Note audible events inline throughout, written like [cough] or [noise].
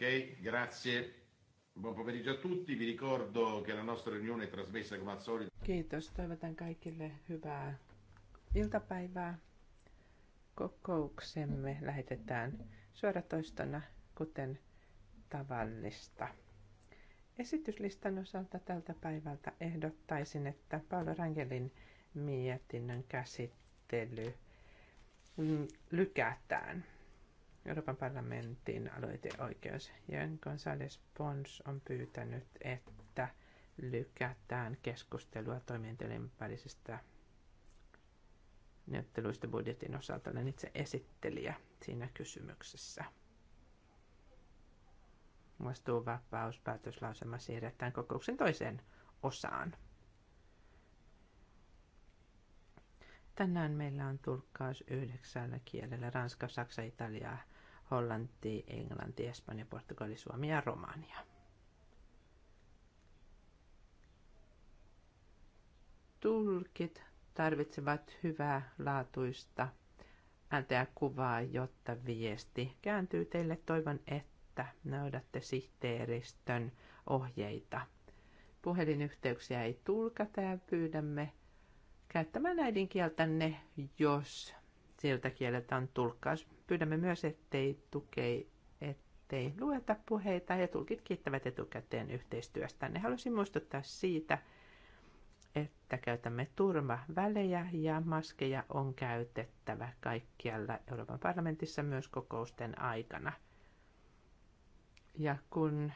Ok, grazie. Buon pomeriggio a tutti. Vi ricordo che la nostra riunione è trasmessa come al solito. Kiitos. Toivotan kaikille hyvää iltapäivää. Kokouksemme lähetetään suoratoistona, kuten tavallista. Esityslistan osalta tältä päivältä ehdottaisin, että Paolo Rangelin mietinnön käsittely mm, lykätään. Euroopan parlamentin aloiteoikeus. Jön González Pons on pyytänyt, että lykätään keskustelua toimintelin välisistä neuvotteluista budjetin osalta. Olen itse esittelijä siinä kysymyksessä. Vastuuvapauspäätöslausema siirretään kokouksen toiseen osaan. Tänään meillä on tulkkaus yhdeksällä kielellä, ranska, saksa, italiaa, Hollanti, Englanti, Espanja, Portugali, Suomi ja Romania. Tulkit tarvitsevat hyvää laatuista ääntä ja kuvaa, jotta viesti kääntyy teille. Toivon, että noudatte sihteeristön ohjeita. Puhelinyhteyksiä ei tulkata ja pyydämme käyttämään äidinkieltänne, jos siltä kieleltä on tulkkaus Pyydämme myös, ettei tukei, ettei lueta puheita ja tulkit kiittävät etukäteen Ne halusin muistuttaa siitä, että käytämme turvavälejä ja maskeja on käytettävä kaikkialla Euroopan parlamentissa myös kokousten aikana. Ja kun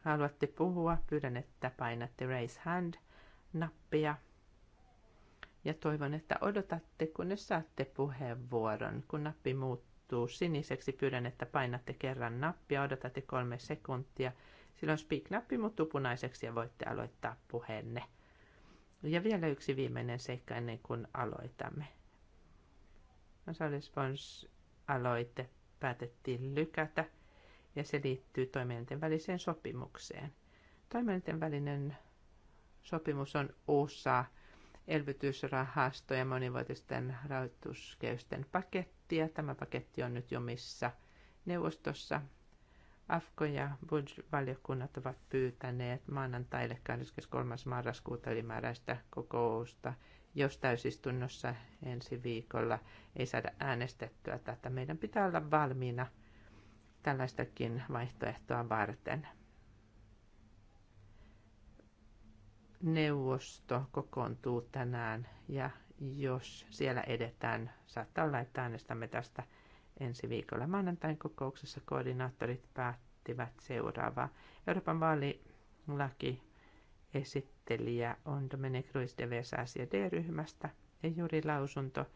haluatte puhua, pyydän, että painatte raise hand-nappia ja toivon, että odotatte, kunnes saatte puheenvuoron. Kun nappi muuttuu siniseksi, pyydän, että painatte kerran nappia, odotatte kolme sekuntia. Silloin speak-nappi muuttuu punaiseksi ja voitte aloittaa puheenne. Ja vielä yksi viimeinen seikka ennen kuin aloitamme. Osallispons-aloite päätettiin lykätä ja se liittyy toimielinten väliseen sopimukseen. Toimielinten välinen sopimus on osa elvytysrahasto ja monivuotisten rahoituskeysten pakettia. Tämä paketti on nyt jo missä neuvostossa. AFKO ja Budge-valiokunnat ovat pyytäneet maanantaille 23. marraskuuta ylimääräistä kokousta, jos täysistunnossa ensi viikolla ei saada äänestettyä tätä. Meidän pitää olla valmiina tällaistakin vaihtoehtoa varten – neuvosto kokoontuu tänään ja jos siellä edetään, saattaa olla, että äänestämme tästä ensi viikolla. Maanantain kokouksessa koordinaattorit päättivät seuraavaa. Euroopan vaalilaki esittelijä on Dominic Ruiz de Vesas ja D-ryhmästä ja juuri lausunto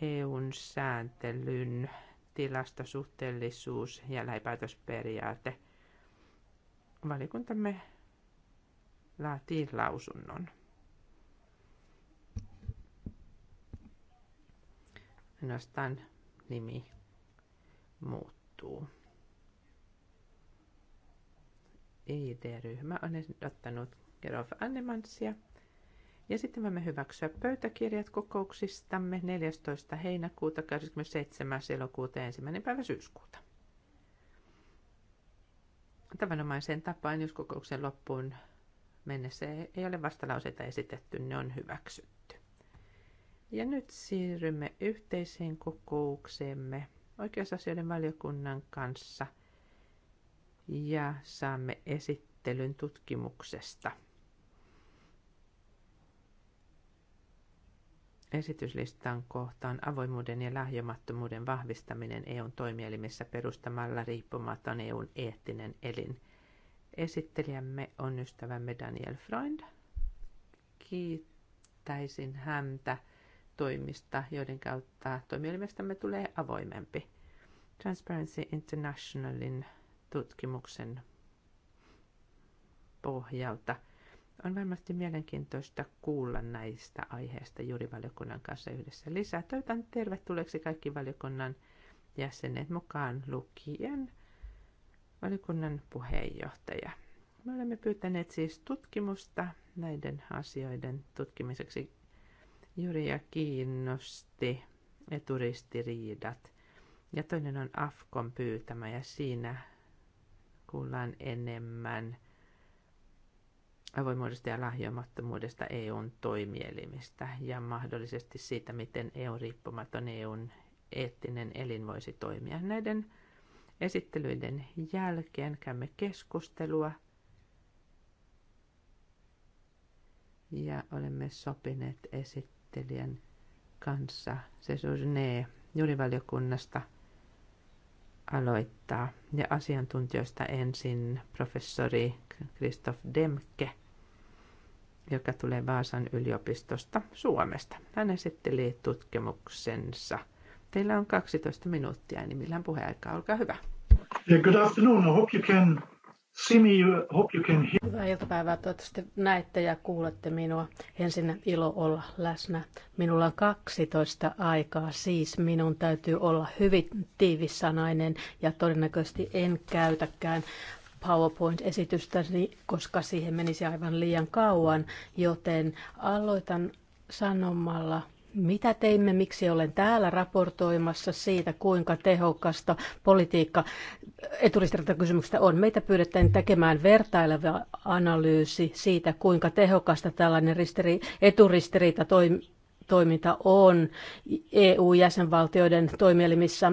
EUn sääntelyn tilastosuhteellisuus ja läipäätösperiaate. Valikuntamme laatii lausunnon. Ainoastaan nimi muuttuu. ID-ryhmä on ottanut Gerolf Annemansia. Ja sitten voimme hyväksyä pöytäkirjat kokouksistamme 14. heinäkuuta, 27. elokuuta ja 1. päivä syyskuuta. Tavanomaiseen tapaan, jos kokouksen loppuun mennessä ei ole vastalauseita esitetty, ne on hyväksytty. Ja nyt siirrymme yhteiseen kokoukseemme oikeusasioiden valiokunnan kanssa ja saamme esittelyn tutkimuksesta. Esityslistan kohtaan avoimuuden ja lahjomattomuuden vahvistaminen EUn toimielimissä perustamalla riippumaton EUn eettinen elin – Esittelijämme on ystävämme Daniel Freund. Kiittäisin häntä toimista, joiden kautta toimielimestämme tulee avoimempi. Transparency Internationalin tutkimuksen pohjalta. On varmasti mielenkiintoista kuulla näistä aiheista juuri valiokunnan kanssa yhdessä lisää. Toivotan tervetulleeksi kaikki valiokunnan jäsenet mukaan lukien valiokunnan puheenjohtaja. Me olemme pyytäneet siis tutkimusta näiden asioiden tutkimiseksi. Juria kiinnosti eturistiriidat. Ja toinen on Afkon pyytämä ja siinä kuullaan enemmän avoimuudesta ja lahjoimattomuudesta EUn toimielimistä ja mahdollisesti siitä, miten EU-riippumaton EUn eettinen elin voisi toimia. Näiden Esittelyiden jälkeen käymme keskustelua ja olemme sopineet esittelijän kanssa Se ne juurivaliokunnasta aloittaa. Ja asiantuntijoista ensin professori Kristof Demke, joka tulee Vaasan yliopistosta Suomesta. Hän esitteli tutkimuksensa. Teillä on 12 minuuttia enimmillään niin puheaikaa. Olkaa hyvä. Good afternoon. I hope you can see me. I hope you can hear. Hyvää iltapäivää. Toivottavasti näette ja kuulette minua. Ensin ilo olla läsnä. Minulla on 12 aikaa, siis minun täytyy olla hyvin tiivissanainen ja todennäköisesti en käytäkään powerpoint esitystä koska siihen menisi aivan liian kauan, joten aloitan sanomalla – mitä teimme, miksi olen täällä raportoimassa siitä, kuinka tehokasta politiikka eturistiriitakysymyksestä on? Meitä pyydettiin tekemään vertaileva analyysi siitä, kuinka tehokasta tällainen ristiri, eturistiriita toimi, toiminta on EU-jäsenvaltioiden toimielimissä.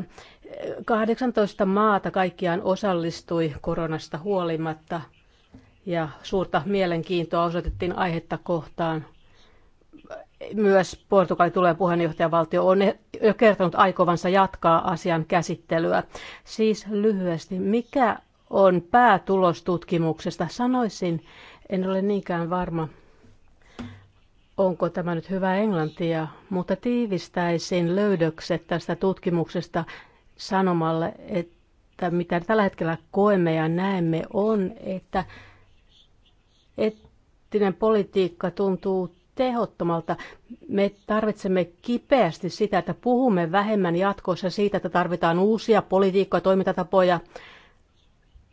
18 maata kaikkiaan osallistui koronasta huolimatta ja suurta mielenkiintoa osoitettiin aihetta kohtaan myös Portugalin tulee puheenjohtajavaltio on jo kertonut aikovansa jatkaa asian käsittelyä. Siis lyhyesti, mikä on päätulos tutkimuksesta? Sanoisin, en ole niinkään varma, onko tämä nyt hyvä englantia, mutta tiivistäisin löydökset tästä tutkimuksesta sanomalle, että mitä tällä hetkellä koemme ja näemme on, että eettinen politiikka tuntuu tehottomalta. Me tarvitsemme kipeästi sitä, että puhumme vähemmän jatkossa siitä, että tarvitaan uusia politiikkoja, toimintatapoja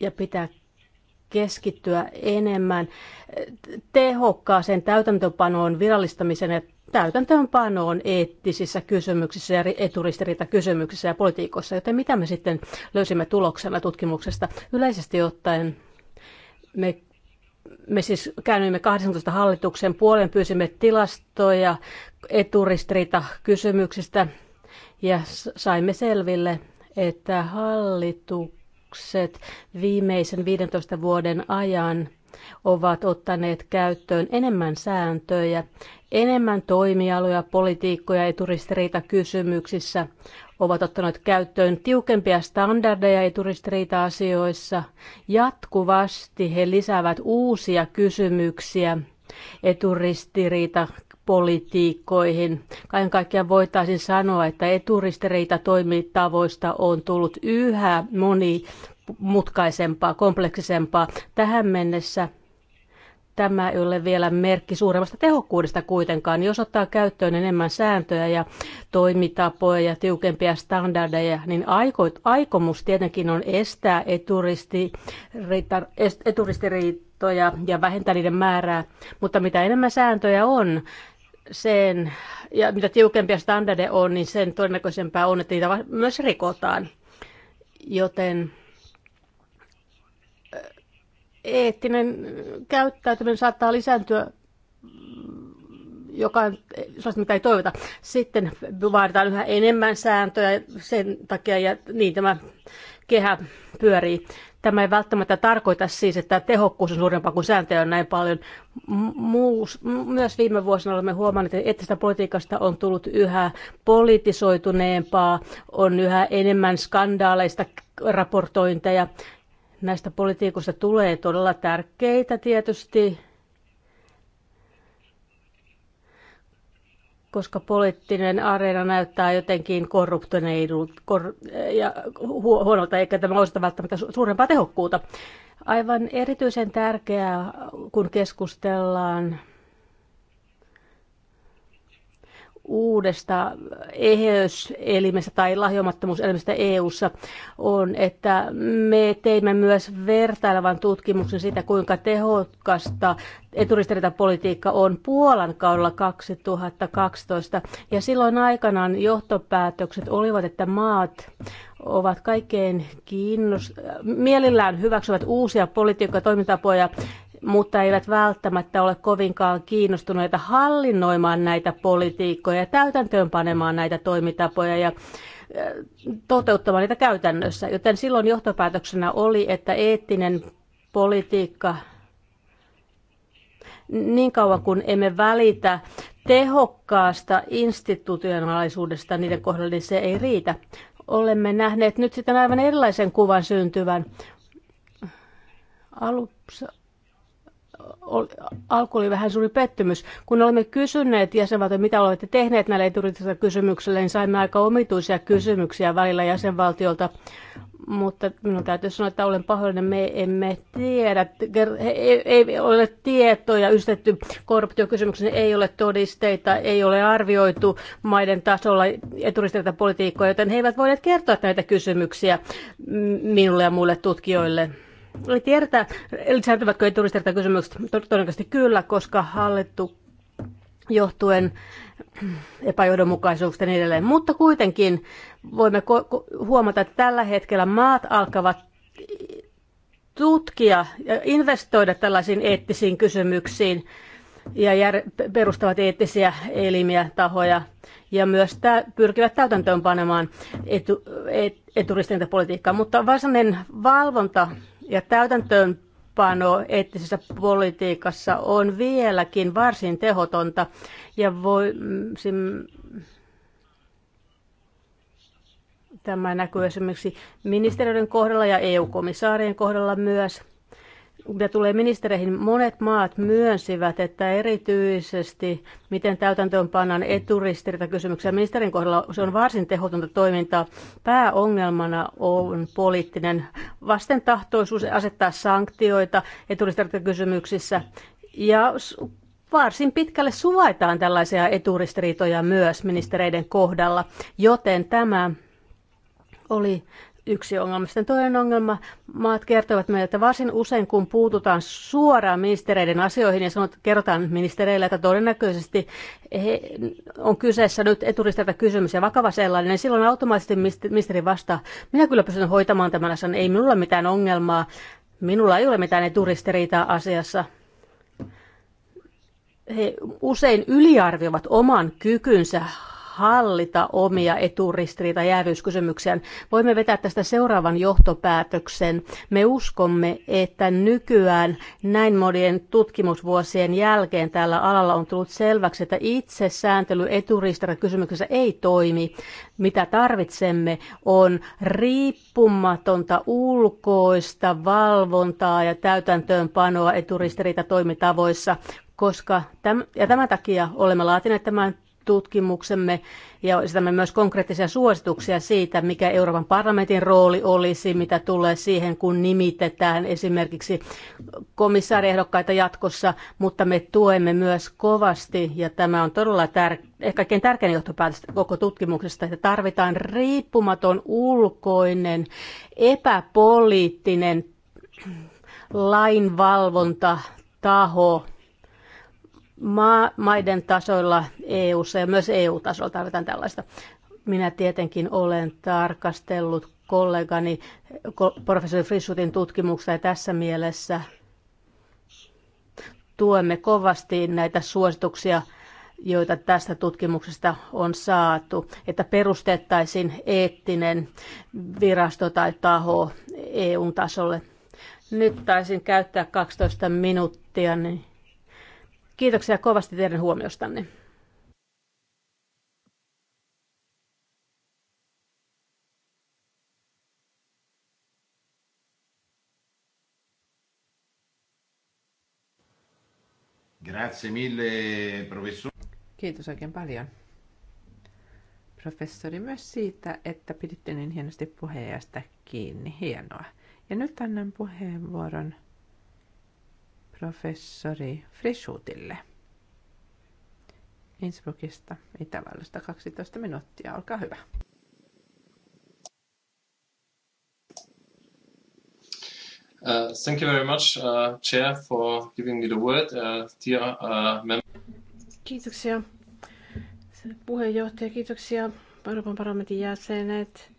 ja pitää keskittyä enemmän tehokkaaseen täytäntöpanoon, virallistamiseen ja täytäntöönpanoon eettisissä kysymyksissä ja eturistiriitakysymyksissä ja politiikoissa. Joten mitä me sitten löysimme tuloksena tutkimuksesta? Yleisesti ottaen me me siis käännyimme 18 hallituksen puolen, pyysimme tilastoja eturistriita kysymyksistä ja saimme selville, että hallitukset viimeisen 15 vuoden ajan ovat ottaneet käyttöön enemmän sääntöjä, enemmän toimialoja, politiikkoja eturistiriita kysymyksissä ovat ottaneet käyttöön tiukempia standardeja eturistiriita asioissa Jatkuvasti he lisäävät uusia kysymyksiä eturistiriita politiikkoihin. Kaiken kaikkiaan voitaisiin sanoa, että eturistiriita toimintavoista on tullut yhä moni mutkaisempaa, kompleksisempaa. Tähän mennessä tämä ei ole vielä merkki suuremmasta tehokkuudesta kuitenkaan. Jos ottaa käyttöön enemmän sääntöjä ja toimitapoja ja tiukempia standardeja, niin aikomus tietenkin on estää eturisti, eturistiriitoja ja vähentää niiden määrää. Mutta mitä enemmän sääntöjä on, sen, ja mitä tiukempia standardeja on, niin sen todennäköisempää on, että niitä myös rikotaan. Joten eettinen käyttäytyminen saattaa lisääntyä joka on sellaista, mitä ei toivota. Sitten vaaditaan yhä enemmän sääntöjä sen takia, ja niin tämä kehä pyörii. Tämä ei välttämättä tarkoita siis, että tehokkuus on suurempaa kuin sääntöjä on näin paljon. Muus, myös viime vuosina olemme huomanneet, että tästä politiikasta on tullut yhä politisoituneempaa, on yhä enemmän skandaaleista raportointeja Näistä politiikoista tulee todella tärkeitä tietysti, koska poliittinen areena näyttää jotenkin korruptoneidulta kor- ja huonolta, eikä tämä osata välttämättä suurempaa tehokkuutta. Aivan erityisen tärkeää, kun keskustellaan uudesta eheyselimestä tai lahjomattomuuselimestä EU:ssa on, että me teimme myös vertailevan tutkimuksen siitä, kuinka tehokasta eturistiriitapolitiikka on Puolan kaudella 2012. Ja silloin aikanaan johtopäätökset olivat, että maat ovat kaikkein kiinnost... mielellään hyväksyvät uusia politiikka- ja toimintapoja mutta eivät välttämättä ole kovinkaan kiinnostuneita hallinnoimaan näitä politiikkoja ja täytäntöönpanemaan näitä toimitapoja ja äh, toteuttamaan niitä käytännössä. Joten silloin johtopäätöksenä oli, että eettinen politiikka niin kauan kuin emme välitä tehokkaasta institutionaalisuudesta niiden kohdalla, niin se ei riitä. Olemme nähneet nyt sitten aivan erilaisen kuvan syntyvän. Alussa alku oli vähän suuri pettymys. Kun olemme kysyneet jäsenvaltioita, mitä olette tehneet näille eturittisille kysymyksille, niin saimme aika omituisia kysymyksiä välillä jäsenvaltiolta. Mutta minun täytyy sanoa, että olen pahoillinen, me emme tiedä. Ei, ei ole tietoja ystetty korruptiokysymyksen, ei ole todisteita, ei ole arvioitu maiden tasolla eturistiriita politiikkoja, joten he eivät voineet kertoa näitä kysymyksiä minulle ja muille tutkijoille ei tiedetä, lisääntyvätkö eturistirta kysymykset? Todennäköisesti kyllä, koska hallittu johtuen epäjohdonmukaisuuksista ja niin edelleen. Mutta kuitenkin voimme huomata, että tällä hetkellä maat alkavat tutkia ja investoida tällaisiin eettisiin kysymyksiin ja jär- perustavat eettisiä elimiä, tahoja ja myös tä- pyrkivät täytäntöön panemaan etu- e- et- Mutta varsinainen valvonta ja täytäntöönpano eettisessä politiikassa on vieläkin varsin tehotonta ja voi, sim, tämä näkyy esimerkiksi ministeriöiden kohdalla ja EU-komissaarien kohdalla myös – mitä tulee ministereihin, monet maat myönsivät, että erityisesti miten täytäntöön pannaan kysymyksiä. ministerin kohdalla, se on varsin tehotonta toimintaa. Pääongelmana on poliittinen vastentahtoisuus asettaa sanktioita kysymyksissä. ja varsin pitkälle suvaitaan tällaisia eturistiriitoja myös ministereiden kohdalla, joten tämä oli yksi ongelma. Sitten toinen ongelma, maat kertovat meille, että varsin usein kun puututaan suoraan ministereiden asioihin ja sanot, kerrotaan ministereille, että todennäköisesti he, on kyseessä nyt eturistelta kysymys ja vakava sellainen, niin silloin automaattisesti ministeri vastaa, minä kyllä pystyn hoitamaan tämän asian, ei minulla mitään ongelmaa, minulla ei ole mitään eturistiriitaa asiassa. He usein yliarvioivat oman kykynsä hallita omia eturistiriita- ja jäävyyskysymyksiään. Voimme vetää tästä seuraavan johtopäätöksen. Me uskomme, että nykyään näin monien tutkimusvuosien jälkeen tällä alalla on tullut selväksi, että itse sääntely eturistiriita-kysymyksessä ei toimi. Mitä tarvitsemme on riippumatonta ulkoista valvontaa ja täytäntöönpanoa eturistiriita toimitavoissa koska täm, ja tämän takia olemme laatineet tämän tutkimuksemme ja esitämme myös konkreettisia suosituksia siitä, mikä Euroopan parlamentin rooli olisi, mitä tulee siihen, kun nimitetään esimerkiksi komissaariehdokkaita jatkossa, mutta me tuemme myös kovasti, ja tämä on todella tär- eh, kaikkein tärkein johtopäätös koko tutkimuksesta, että tarvitaan riippumaton ulkoinen, epäpoliittinen lainvalvonta taho, maa, maiden tasoilla eu ja myös EU-tasolla tarvitaan tällaista. Minä tietenkin olen tarkastellut kollegani professori Frissutin tutkimuksia ja tässä mielessä tuemme kovasti näitä suosituksia, joita tästä tutkimuksesta on saatu, että perustettaisiin eettinen virasto tai taho eu tasolle. Nyt taisin käyttää 12 minuuttia, niin Kiitoksia kovasti teidän huomiostanne. Grazie mille, professori. Kiitos oikein paljon. Professori myös siitä, että piditte niin hienosti puheenjohtajasta kiinni. Hienoa. Ja nyt annan puheenvuoron professori Frischutille Innsbruckista Itävallasta 12 minuuttia. Olkaa hyvä. Uh, thank you very much, uh, Chair, for giving me the word. Uh, dear uh, Kiitoksia puheenjohtaja, kiitoksia Euroopan parlamentin jäsenet.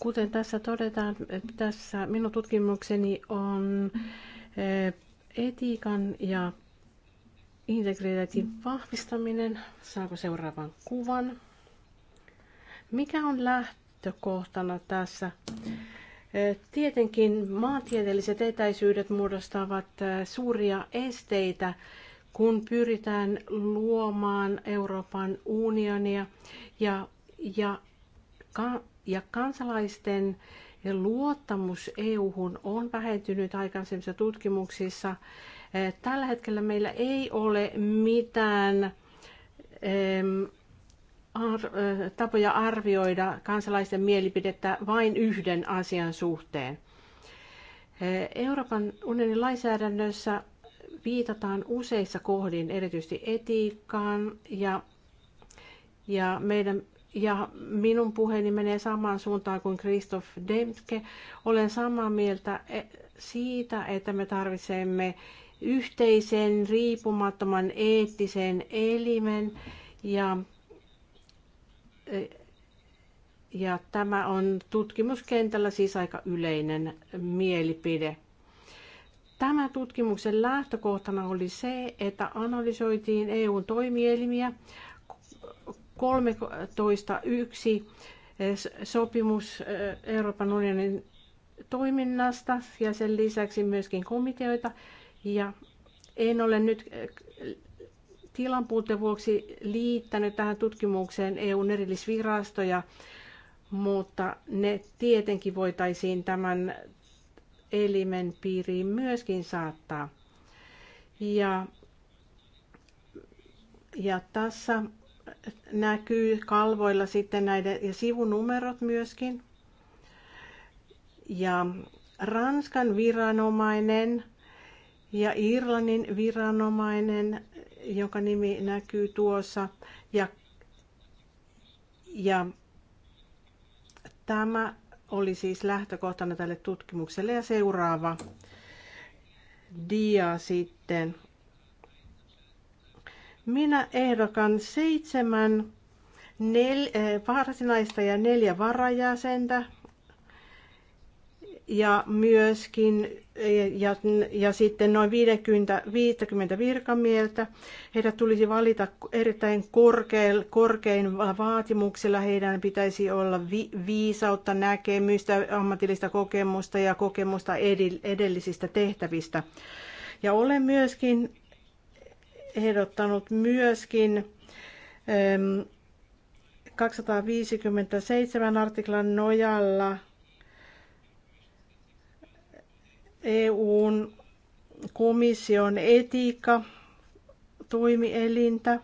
Kuten tässä todetaan, tässä minun tutkimukseni on eh, Etiikan ja integriteetin vahvistaminen. Saako seuraavan kuvan? Mikä on lähtökohtana tässä? Tietenkin maantieteelliset etäisyydet muodostavat suuria esteitä, kun pyritään luomaan Euroopan unionia ja, ja, ja kansalaisten ja luottamus EU-hun on vähentynyt aikaisemmissa tutkimuksissa. Eh, tällä hetkellä meillä ei ole mitään eh, tapoja arvioida kansalaisten mielipidettä vain yhden asian suhteen. Eh, Euroopan unionin lainsäädännössä viitataan useissa kohdin erityisesti etiikkaan ja, ja meidän ja minun puheeni menee samaan suuntaan kuin Christoph Demtke. Olen samaa mieltä e, siitä, että me tarvitsemme yhteisen, riippumattoman, eettisen elimen. Ja, e, ja tämä on tutkimuskentällä siis aika yleinen mielipide. Tämän tutkimuksen lähtökohtana oli se, että analysoitiin EUn toimielimiä, 13.1 eh, sopimus eh, Euroopan unionin toiminnasta ja sen lisäksi myöskin komiteoita. Ja en ole nyt eh, tilanpuutteen vuoksi liittänyt tähän tutkimukseen EUn erillisvirastoja, mutta ne tietenkin voitaisiin tämän elimen piiriin myöskin saattaa. Ja, ja tässä näkyy kalvoilla sitten näiden ja sivunumerot myöskin. Ja Ranskan viranomainen ja Irlannin viranomainen, jonka nimi näkyy tuossa. Ja, ja tämä oli siis lähtökohtana tälle tutkimukselle ja seuraava dia sitten. Minä ehdokan seitsemän nel, eh, varsinaista ja neljä varajäsentä ja myöskin eh, ja, ja sitten noin 50, 50 virkamieltä. Heidät tulisi valita erittäin korkein, korkein vaatimuksilla. Heidän pitäisi olla vi, viisautta, näkemystä, ammatillista kokemusta ja kokemusta edellisistä tehtävistä. Ja olen myöskin ehdottanut myöskin 257 ähm, artiklan nojalla EUn komission etiikka toimielintä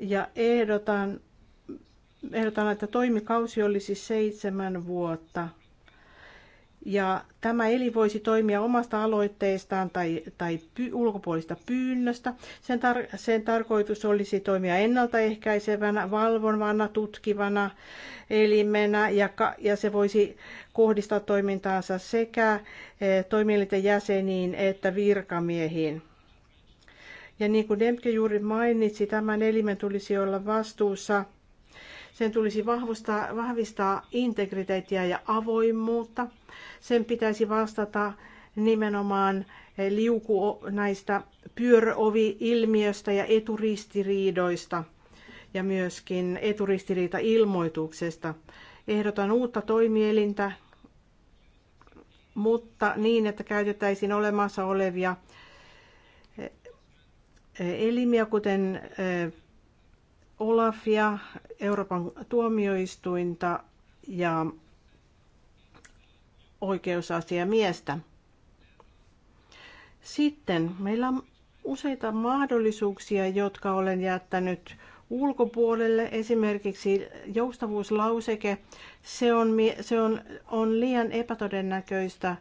ja ehdotan, ehdotan, että toimikausi olisi seitsemän vuotta – ja tämä eli voisi toimia omasta aloitteestaan tai, tai py, ulkopuolista pyynnöstä. Sen, tar- sen tarkoitus olisi toimia ennaltaehkäisevänä, valvonvana, tutkivana elimenä ja, ja se voisi kohdistaa toimintaansa sekä e, toimielinten jäseniin että virkamiehiin. Ja niin kuin Demke juuri mainitsi, tämän elimen tulisi olla vastuussa – sen tulisi vahvistaa, vahvistaa integriteettiä ja avoimuutta. Sen pitäisi vastata nimenomaan liuku näistä pyöröovi-ilmiöstä ja eturistiriidoista ja myöskin eturistiriita-ilmoituksesta. Ehdotan uutta toimielintä, mutta niin, että käytettäisiin olemassa olevia eh, eh, elimiä, kuten eh, Olafia, Euroopan tuomioistuinta ja oikeusasiamiestä. Sitten meillä on useita mahdollisuuksia, jotka olen jättänyt ulkopuolelle. Esimerkiksi joustavuuslauseke, se on, se on, on liian epätodennäköistä –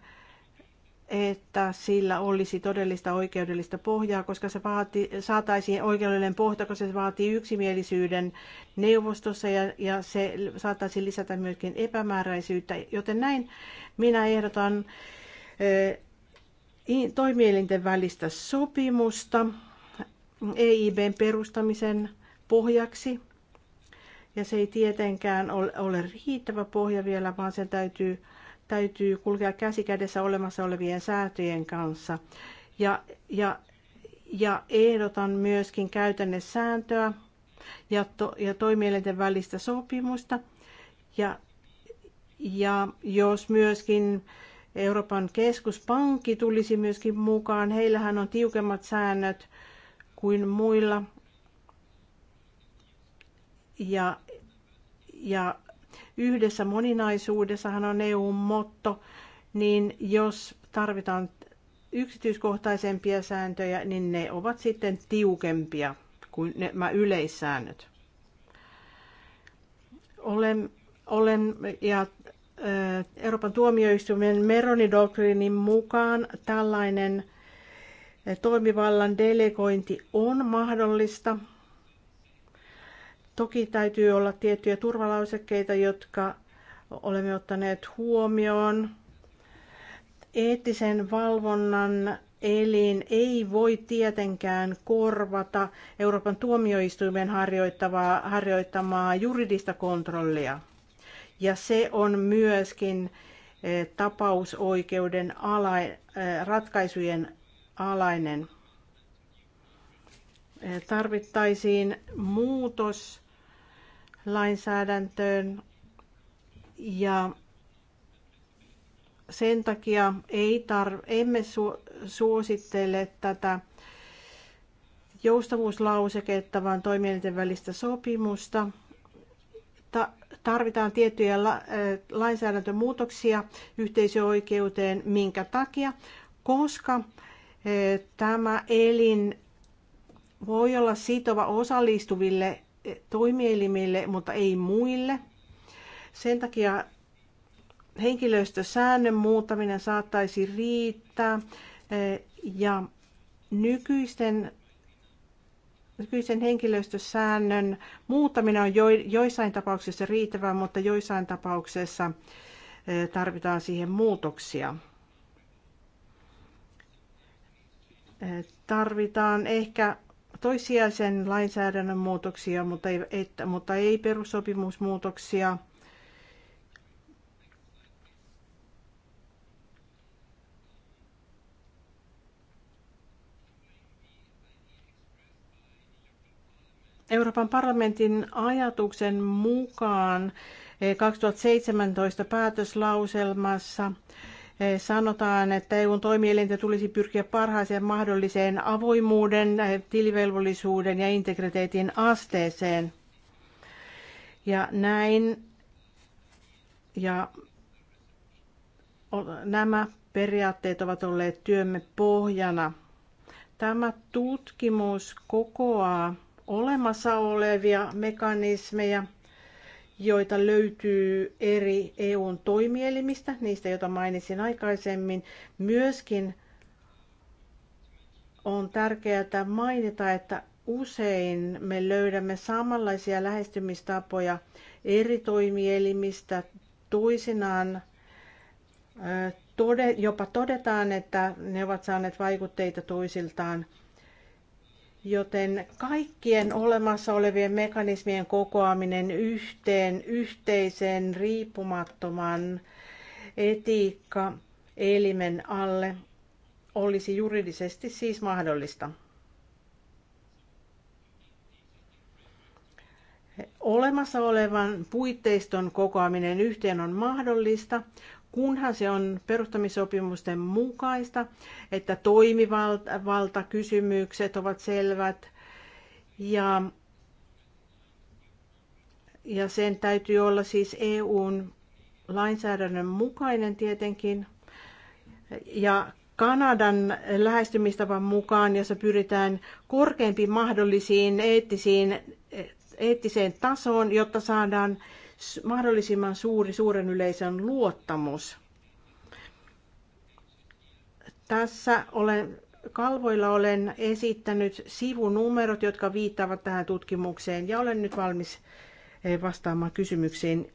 että sillä olisi todellista oikeudellista pohjaa, koska se vaati, saataisiin oikeudellinen pohja, koska se vaatii yksimielisyyden neuvostossa ja, ja se saattaisi lisätä myöskin epämääräisyyttä. Joten näin minä ehdotan eh, toimielinten välistä sopimusta EIBn perustamisen pohjaksi. Ja se ei tietenkään ole riittävä pohja vielä, vaan sen täytyy täytyy kulkea käsi kädessä olemassa olevien säätöjen kanssa. Ja, ja, ja ehdotan myöskin käytännesääntöä ja, to, ja toimielinten välistä sopimusta. Ja, ja jos myöskin Euroopan keskuspankki tulisi myöskin mukaan, heillähän on tiukemmat säännöt kuin muilla. Ja, ja Yhdessä moninaisuudessahan on EU-motto, niin jos tarvitaan yksityiskohtaisempia sääntöjä, niin ne ovat sitten tiukempia kuin nämä yleissäännöt. Olen, olen ja Euroopan tuomioistuimen Meronidoktriinin mukaan tällainen toimivallan delegointi on mahdollista – Toki täytyy olla tiettyjä turvalausekkeita, jotka olemme ottaneet huomioon. Eettisen valvonnan elin ei voi tietenkään korvata Euroopan tuomioistuimen harjoittavaa, harjoittamaa juridista kontrollia. Ja se on myöskin eh, tapausoikeuden ala, eh, ratkaisujen alainen. Eh, tarvittaisiin muutos lainsäädäntöön ja sen takia ei tar- emme su- suosittele tätä joustavuuslauseketta, vaan toimielinten välistä sopimusta. Ta- tarvitaan tiettyjä la- lainsäädäntömuutoksia yhteisöoikeuteen. Minkä takia? Koska tämä elin voi olla sitova osallistuville toimielimille, mutta ei muille. Sen takia henkilöstösäännön muuttaminen saattaisi riittää eh, ja nykyisten nykyisen henkilöstösäännön muuttaminen on jo, joissain tapauksissa riittävää, mutta joissain tapauksissa eh, tarvitaan siihen muutoksia. Eh, tarvitaan ehkä toissijaisen lainsäädännön muutoksia, mutta ei, että, mutta ei perussopimusmuutoksia. Euroopan parlamentin ajatuksen mukaan 2017 eh, päätöslauselmassa sanotaan, että EUn toimielinten tulisi pyrkiä parhaaseen mahdolliseen avoimuuden, tilivelvollisuuden ja integriteetin asteeseen. Ja näin ja nämä periaatteet ovat olleet työmme pohjana. Tämä tutkimus kokoaa olemassa olevia mekanismeja – joita löytyy eri EUn toimielimistä, niistä joita mainitsin aikaisemmin. Myöskin on tärkeää mainita, että usein me löydämme samanlaisia lähestymistapoja eri toimielimistä toisinaan jopa todetaan, että ne ovat saaneet vaikutteita toisiltaan – Joten kaikkien olemassa olevien mekanismien kokoaminen yhteen yhteiseen riippumattoman etiikka-elimen alle olisi juridisesti siis mahdollista. Olemassa olevan puitteiston kokoaminen yhteen on mahdollista, kunhan se on perustamisopimusten mukaista, että toimivaltakysymykset ovat selvät ja, ja sen täytyy olla siis EUn lainsäädännön mukainen tietenkin. Ja Kanadan lähestymistavan mukaan, jossa pyritään korkeimpiin mahdollisiin eettisiin, eettiseen tasoon, jotta saadaan mahdollisimman suuri suuren yleisön luottamus. Tässä olen kalvoilla olen esittänyt sivunumerot, jotka viittaavat tähän tutkimukseen ja olen nyt valmis eh, vastaamaan kysymyksiin.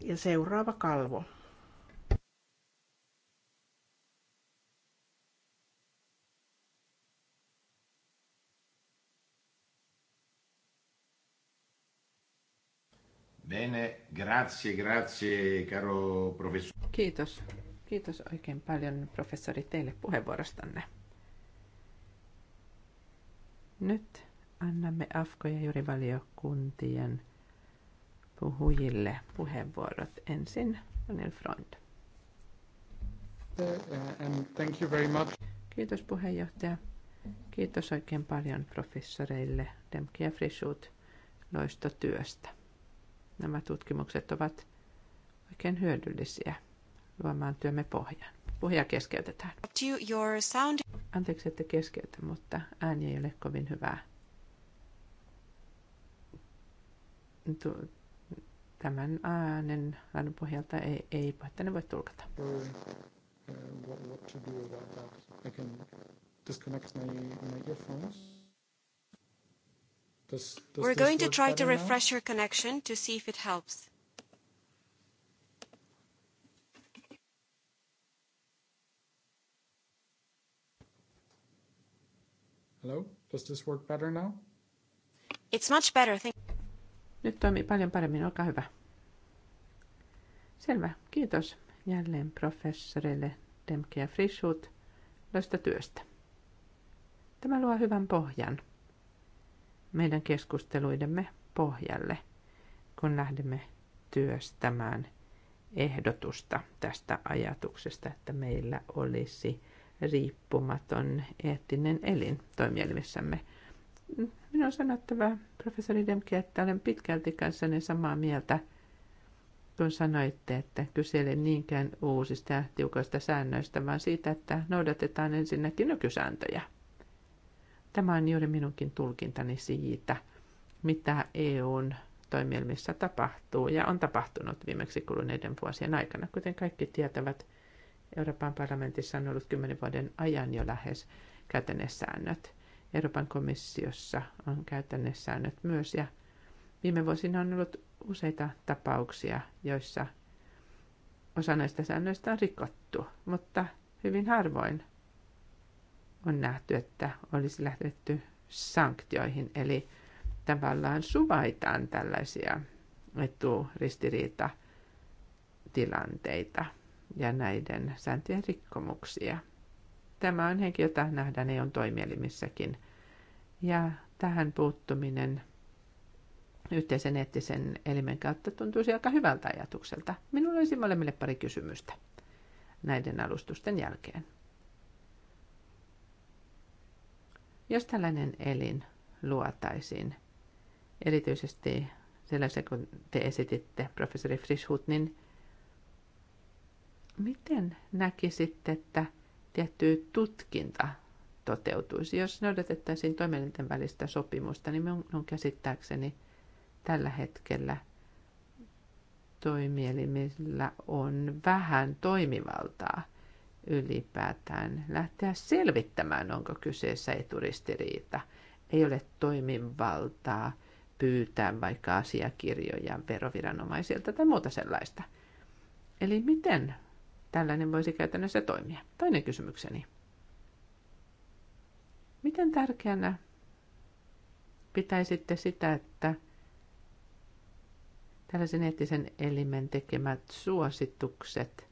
Ja seuraava kalvo. Bene, grazie, grazie, caro Kiitos. Kiitos oikein paljon professori teille puheenvuorostanne. Nyt annamme AFKO- ja jurivaliokuntien puhujille puheenvuorot. Ensin Daniel Front. thank you very much. Kiitos puheenjohtaja. Kiitos oikein paljon professoreille Demke ja Frischut loistotyöstä. Nämä tutkimukset ovat oikein hyödyllisiä luomaan työmme pohjan. Pohja keskeytetään. Anteeksi, että keskeytä, mutta ääni ei ole kovin hyvää. Tämän äänen laadun pohjalta ei, ei puhetta, voi tulkata. Uh, what, what to do about that? I can disconnect my, my earphones. Does, We're going to try to refresh your connection to see if it helps. Hello? Does this work better now? It's much better. Thank Nyt toimii paljon paremmin, olkaa hyvä. Selvä, kiitos jälleen professorille Demke ja Frischut tästä työstä. Tämä luo hyvän pohjan meidän keskusteluidemme pohjalle, kun lähdemme työstämään ehdotusta tästä ajatuksesta, että meillä olisi riippumaton eettinen elin toimielimissämme. Minun on sanottava, professori Demke, että olen pitkälti kanssani samaa mieltä, kun sanoitte, että kyse ei niinkään uusista ja tiukoista säännöistä, vaan siitä, että noudatetaan ensinnäkin nykysääntöjä. Tämä on juuri minunkin tulkintani siitä, mitä EUn toimielmissä tapahtuu ja on tapahtunut viimeksi kuluneiden vuosien aikana. Kuten kaikki tietävät, Euroopan parlamentissa on ollut kymmenen vuoden ajan jo lähes käytännössäännöt. Euroopan komissiossa on käytännössäännöt myös ja viime vuosina on ollut useita tapauksia, joissa osa näistä säännöistä on rikottu, mutta hyvin harvoin on nähty, että olisi lähdetty sanktioihin, eli tavallaan suvaitaan tällaisia eturistiriitatilanteita ja näiden sääntöjen rikkomuksia. Tämä on henki, jota nähdään ei on toimielimissäkin. Ja tähän puuttuminen yhteisen eettisen elimen kautta tuntuisi aika hyvältä ajatukselta. Minulla olisi molemmille pari kysymystä näiden alustusten jälkeen. Jos tällainen elin luotaisiin, erityisesti sellaisen, kuin te esititte, professori Frischhut, niin miten näkisitte, että tietty tutkinta toteutuisi? Jos noudatettaisiin toimielinten välistä sopimusta, niin minun käsittääkseni tällä hetkellä toimielimillä on vähän toimivaltaa ylipäätään lähteä selvittämään, onko kyseessä eturistiriita. Ei ole toimivaltaa pyytää vaikka asiakirjoja veroviranomaisilta tai muuta sellaista. Eli miten tällainen voisi käytännössä toimia? Toinen kysymykseni. Miten tärkeänä pitäisitte sitä, että tällaisen eettisen elimen tekemät suositukset –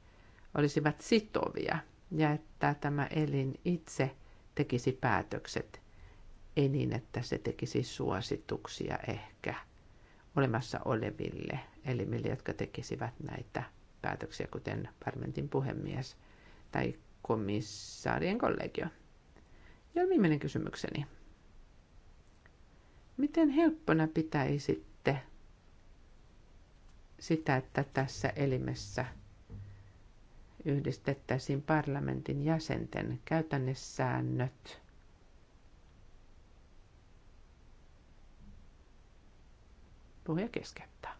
olisivat sitovia ja että tämä elin itse tekisi päätökset, ei niin, että se tekisi suosituksia ehkä olemassa oleville elimille, jotka tekisivät näitä päätöksiä, kuten parlamentin puhemies tai komissaarien kollegio. Ja viimeinen kysymykseni. Miten helppona pitäisitte sitä, että tässä elimessä – yhdistettäisiin parlamentin jäsenten käytännessäännöt. Puhuja keskeyttää.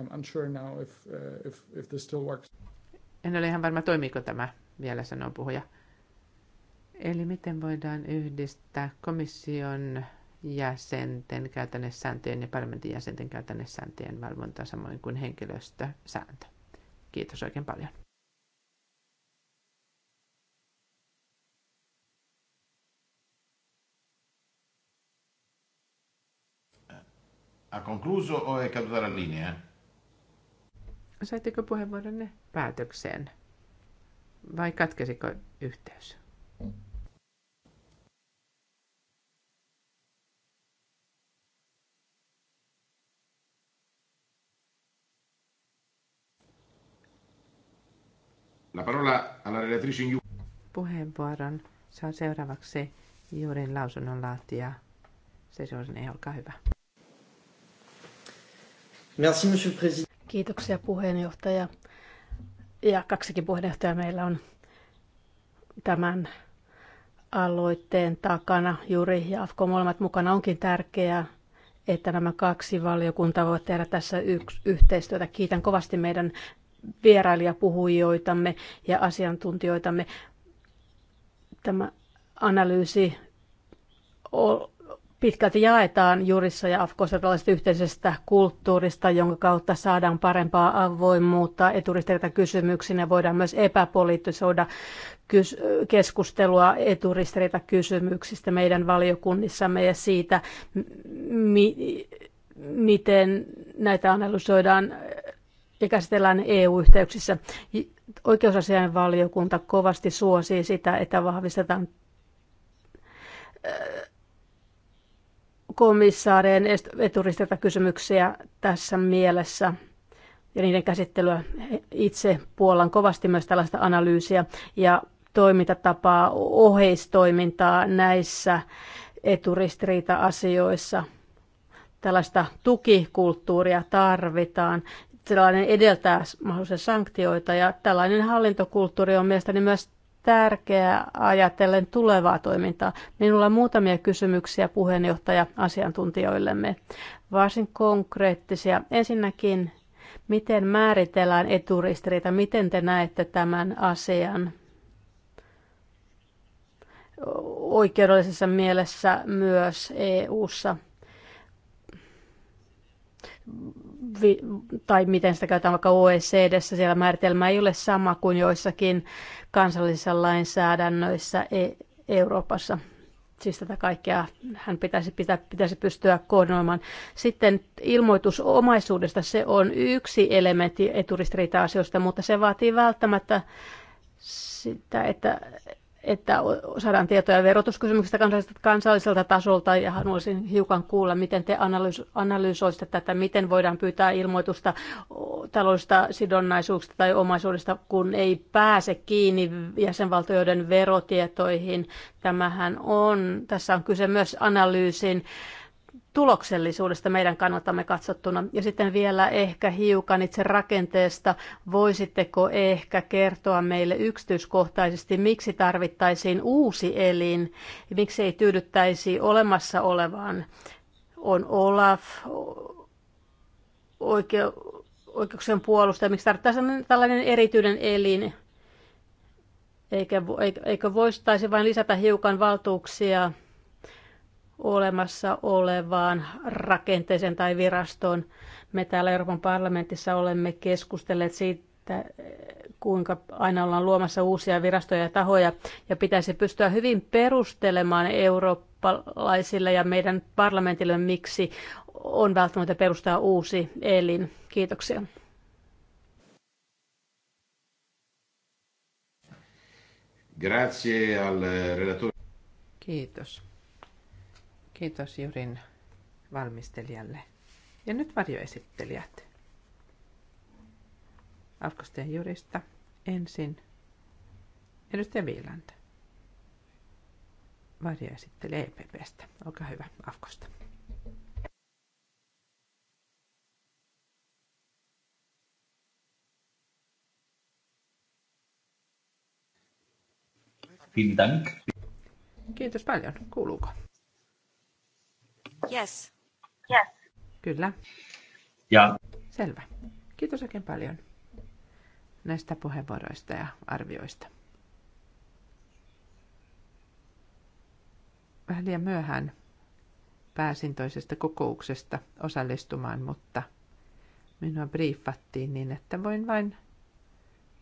I'm unsure now if, uh, if, if this still works. En ole ihan varma, toimiiko tämä vielä, sanoo puhuja. Eli miten voidaan yhdistää komission jäsenten käytännössääntöjen ja parlamentin jäsenten käytännössääntöjen valvonta samoin kuin henkilöstösääntö. Kiitos oikein paljon. Ha concluso o è caduta la linea? Saitteko puheenvuoronne päätökseen? Vai katkesiko yhteys? La parola alla relatrice in Puheenvuoron saa seuraavaksi juurin lausunnonlaatija. Se on ei, olkaa hyvä. Merci, monsieur président. Kiitoksia puheenjohtaja. Ja kaksikin puheenjohtajaa meillä on tämän aloitteen takana. juuri ja Afko molemmat mukana onkin tärkeää, että nämä kaksi valiokuntaa voivat tehdä tässä yks, yhteistyötä. Kiitän kovasti meidän vierailijapuhujoitamme ja asiantuntijoitamme. Tämä analyysi pitkälti jaetaan jurissa ja afkossa tällaisesta yhteisestä kulttuurista, jonka kautta saadaan parempaa avoimuutta eturisteitä kysymyksiin ja voidaan myös epäpoliittisoida keskustelua eturisteitä kysymyksistä meidän valiokunnissamme ja siitä, mi- miten näitä analysoidaan ja käsitellään EU-yhteyksissä. Oikeusasian valiokunta kovasti suosii sitä, että vahvistetaan komissaareen eturistettä kysymyksiä tässä mielessä ja niiden käsittelyä. Itse puolan kovasti myös tällaista analyysiä ja toimintatapaa, oheistoimintaa näissä eturistiriita-asioissa. Tällaista tukikulttuuria tarvitaan, sellainen edeltää mahdollisia sanktioita ja tällainen hallintokulttuuri on mielestäni myös tärkeää ajatellen tulevaa toimintaa. Minulla on muutamia kysymyksiä puheenjohtaja asiantuntijoillemme, varsin konkreettisia. Ensinnäkin, miten määritellään eturistiriita, miten te näette tämän asian oikeudellisessa mielessä myös EU-ssa? vi- tai miten sitä käytetään vaikka OECDssä, siellä määritelmä ei ole sama kuin joissakin kansallisissa lainsäädännöissä e- Euroopassa. Siis tätä kaikkea hän pitäisi, pitä, pitäisi pystyä koordinoimaan. Sitten ilmoitus omaisuudesta, se on yksi elementti eturistiriita-asioista, mutta se vaatii välttämättä sitä, että että saadaan tietoja verotuskysymyksistä kansalliselta tasolta ja haluaisin hiukan kuulla, miten te analysoisitte tätä, miten voidaan pyytää ilmoitusta taloudellisista sidonnaisuuksista tai omaisuudesta, kun ei pääse kiinni jäsenvaltioiden verotietoihin. Tämähän on, tässä on kyse myös analyysin tuloksellisuudesta meidän kannaltamme katsottuna. Ja sitten vielä ehkä hiukan itse rakenteesta. Voisitteko ehkä kertoa meille yksityiskohtaisesti, miksi tarvittaisiin uusi elin, miksi ei tyydyttäisi olemassa olevaan? On Olaf, oikeu, oikeuksien puolustaja, miksi tarvittaisiin tällainen erityinen elin? Eikä, eikö voistaisi vain lisätä hiukan valtuuksia olemassa olevaan rakenteeseen tai virastoon. Me täällä Euroopan parlamentissa olemme keskustelleet siitä, kuinka aina ollaan luomassa uusia virastoja ja tahoja, ja pitäisi pystyä hyvin perustelemaan eurooppalaisille ja meidän parlamentille, miksi on välttämättä perustaa uusi elin. Kiitoksia. Grazie al relatore. Kiitos Kiitos Jurin valmistelijalle. Ja nyt varjoesittelijät. Alkosteen Jurista ensin. Edustaja Viiland. Varjoesittelijä EPPstä. Olkaa hyvä, Afkosta. Kiitos paljon. Kuuluuko? Yes. Yes. Kyllä. Ja. Selvä. Kiitos oikein paljon näistä puheenvuoroista ja arvioista. Vähän liian myöhään pääsin toisesta kokouksesta osallistumaan, mutta minua briefattiin niin, että voin vain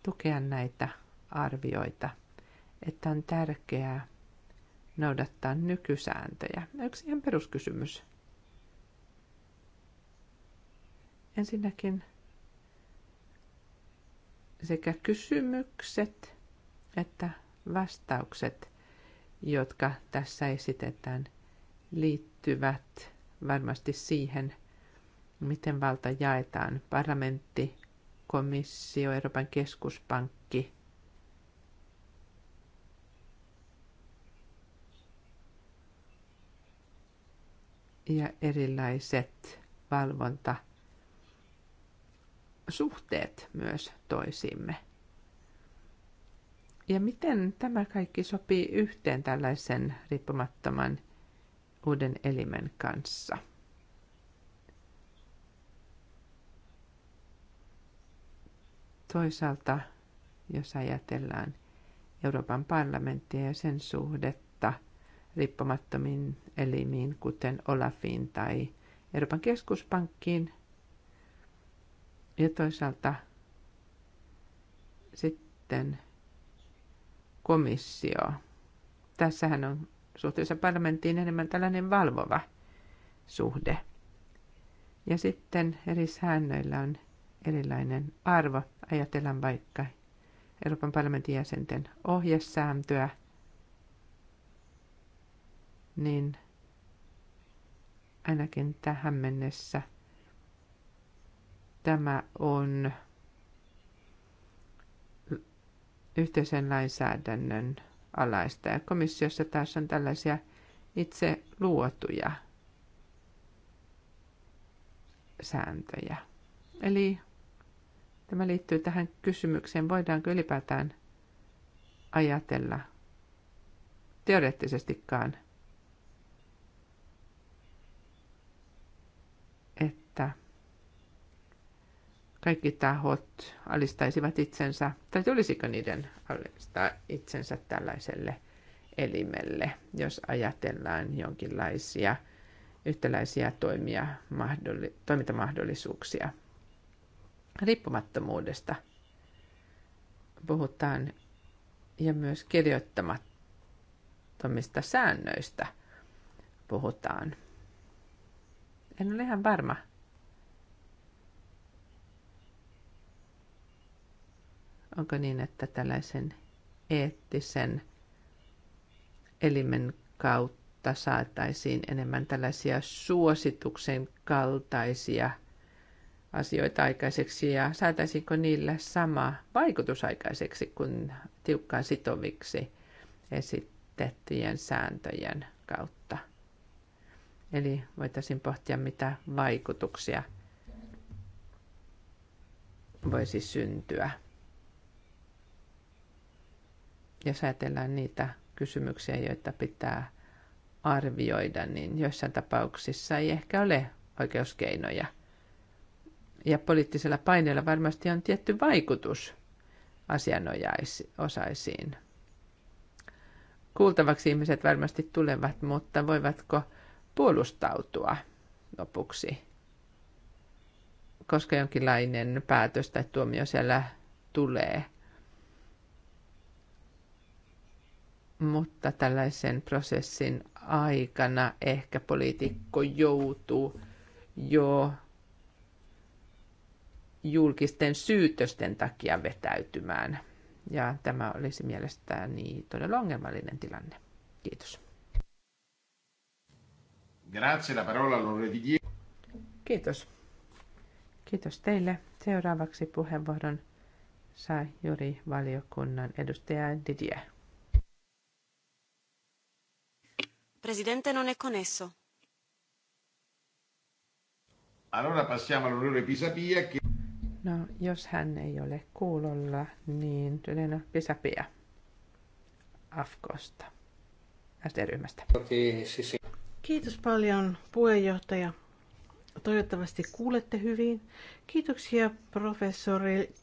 tukea näitä arvioita, että on tärkeää noudattaa nykysääntöjä? Yksi ihan peruskysymys. Ensinnäkin sekä kysymykset että vastaukset, jotka tässä esitetään, liittyvät varmasti siihen, miten valta jaetaan. Parlamentti, komissio, Euroopan keskuspankki ja erilaiset valvontasuhteet myös toisimme Ja miten tämä kaikki sopii yhteen tällaisen riippumattoman uuden elimen kanssa? Toisaalta, jos ajatellaan Euroopan parlamenttia ja sen suhdetta, riippumattomiin elimiin, kuten Olafiin tai Euroopan keskuspankkiin. Ja toisaalta sitten komissio. Tässähän on suhteessa parlamenttiin enemmän tällainen valvova suhde. Ja sitten eri säännöillä on erilainen arvo. Ajatellaan vaikka Euroopan parlamentin jäsenten ohjesääntöä niin ainakin tähän mennessä tämä on yhteisen lainsäädännön alaista. Ja komissiossa taas on tällaisia itse luotuja sääntöjä. Eli tämä liittyy tähän kysymykseen, voidaanko ylipäätään ajatella teoreettisestikaan – kaikki tahot alistaisivat itsensä, tai tulisiko niiden alistaa itsensä tällaiselle elimelle, jos ajatellaan jonkinlaisia yhtäläisiä toimia, mahdolli, toimintamahdollisuuksia. Riippumattomuudesta puhutaan ja myös kirjoittamattomista säännöistä puhutaan. En ole ihan varma, Onko niin, että tällaisen eettisen elimen kautta saataisiin enemmän tällaisia suosituksen kaltaisia asioita aikaiseksi ja saataisiinko niillä sama vaikutus aikaiseksi kuin tiukkaan sitoviksi esitettyjen sääntöjen kautta. Eli voitaisiin pohtia, mitä vaikutuksia voisi syntyä ja säätellään niitä kysymyksiä, joita pitää arvioida, niin joissain tapauksissa ei ehkä ole oikeuskeinoja. Ja poliittisella paineella varmasti on tietty vaikutus asianosaisiin. Kuultavaksi ihmiset varmasti tulevat, mutta voivatko puolustautua lopuksi? Koska jonkinlainen päätös tai tuomio siellä tulee – mutta tällaisen prosessin aikana ehkä poliitikko joutuu jo julkisten syytösten takia vetäytymään. Ja tämä olisi mielestäni niin todella ongelmallinen tilanne. Kiitos. Grazie, la parola Kiitos. Kiitos teille. Seuraavaksi puheenvuoron sai juuri valiokunnan edustaja Didier. Presidente, non è connesso. Allora passiamo all'onorevole Pisapia. Che... No, jos hän ei ole kuulolla, niin Elena Pisapia Afkosta, ST-ryhmästä. Kiitos paljon puheenjohtaja. Toivottavasti kuulette hyvin. Kiitoksia professori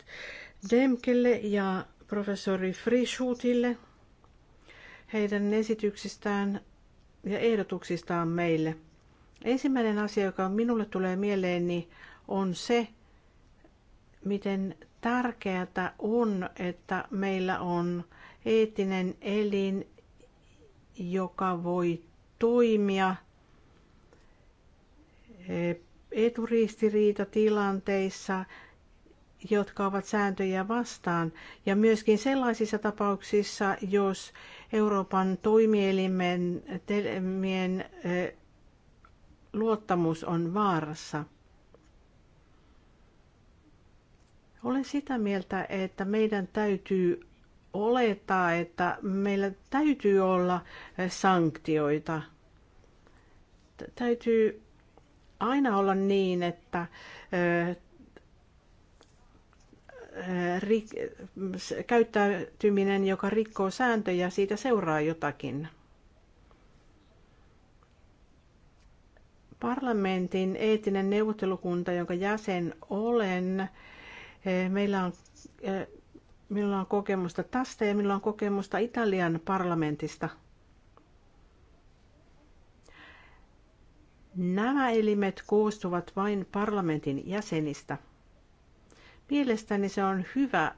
Demkelle ja professori Frischutille heidän esityksistään ja ehdotuksistaan meille. Ensimmäinen asia, joka minulle tulee mieleeni, on se, miten tärkeää on, että meillä on eettinen elin, joka voi toimia e, eturiistiriitatilanteissa, jotka ovat sääntöjä vastaan, ja myöskin sellaisissa tapauksissa, jos Euroopan toimielimien luottamus on vaarassa. Olen sitä mieltä, että meidän täytyy olettaa, että meillä täytyy olla sanktioita. Täytyy aina olla niin, että rik- käyttäytyminen, joka rikkoo sääntöjä, siitä seuraa jotakin. Parlamentin eettinen neuvottelukunta, jonka jäsen olen, eh, meillä on, eh, meillä on kokemusta tästä ja meillä on kokemusta Italian parlamentista. Nämä elimet koostuvat vain parlamentin jäsenistä – Mielestäni se on hyvä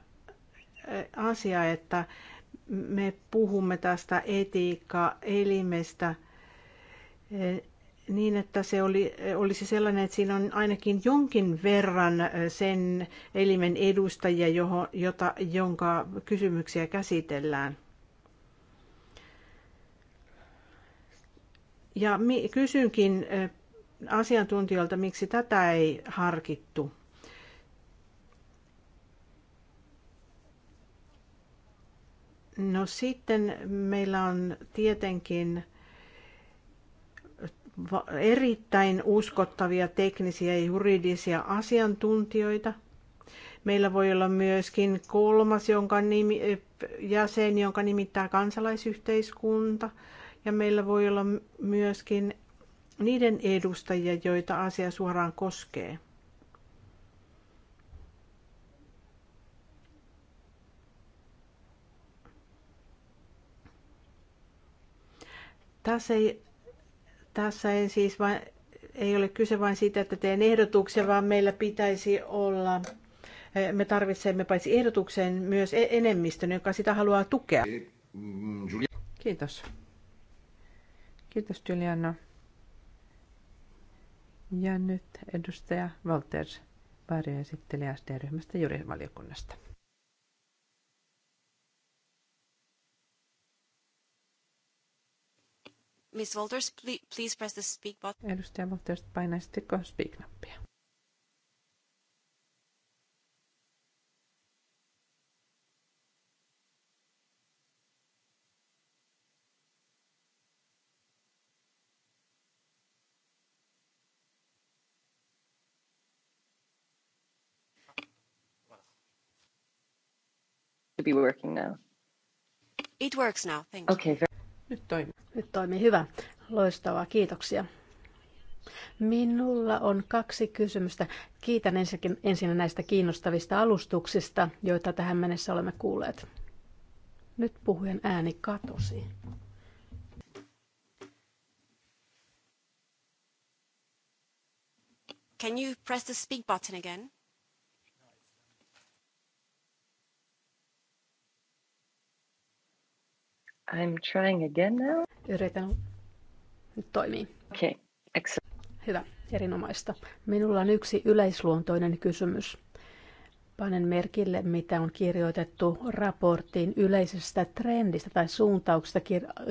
asia, että me puhumme tästä etiikka-elimestä niin, että se oli, olisi sellainen, että siinä on ainakin jonkin verran sen elimen edustajia, johon, jota, jonka kysymyksiä käsitellään. Ja mi, kysynkin asiantuntijoilta, miksi tätä ei harkittu. No sitten meillä on tietenkin erittäin uskottavia teknisiä ja juridisia asiantuntijoita. Meillä voi olla myöskin kolmas jonka nimi, jäsen, jonka nimittää kansalaisyhteiskunta. Ja meillä voi olla myöskin niiden edustajia, joita asia suoraan koskee. Tässä ei, tässä ei siis vain, ei ole kyse vain siitä, että teen ehdotuksia, vaan meillä pitäisi olla, eh, me tarvitsemme paitsi ehdotuksen myös e-, enemmistön, joka sitä haluaa tukea. Kiitos. Kiitos Juliana. Ja nyt edustaja Walters, varjoesittelijä SD-ryhmästä juridivaliokunnasta. Miss Walters, please press the speak button. Edustaja Walters, painaisitteko speak-nappia? be working now? It works now. Thank you. Okay. Nyt toimii. Nyt toimii, hyvä. Loistavaa, kiitoksia. Minulla on kaksi kysymystä. Kiitän ensin, ensin näistä kiinnostavista alustuksista, joita tähän mennessä olemme kuulleet. Nyt puhujen ääni katosi. Can you press the speak button again? I'm trying again now. Yritän. Nyt toimii. Okei, okay. excellent. Hyvä, erinomaista. Minulla on yksi yleisluontoinen kysymys panen merkille, mitä on kirjoitettu raporttiin yleisestä trendistä tai suuntauksesta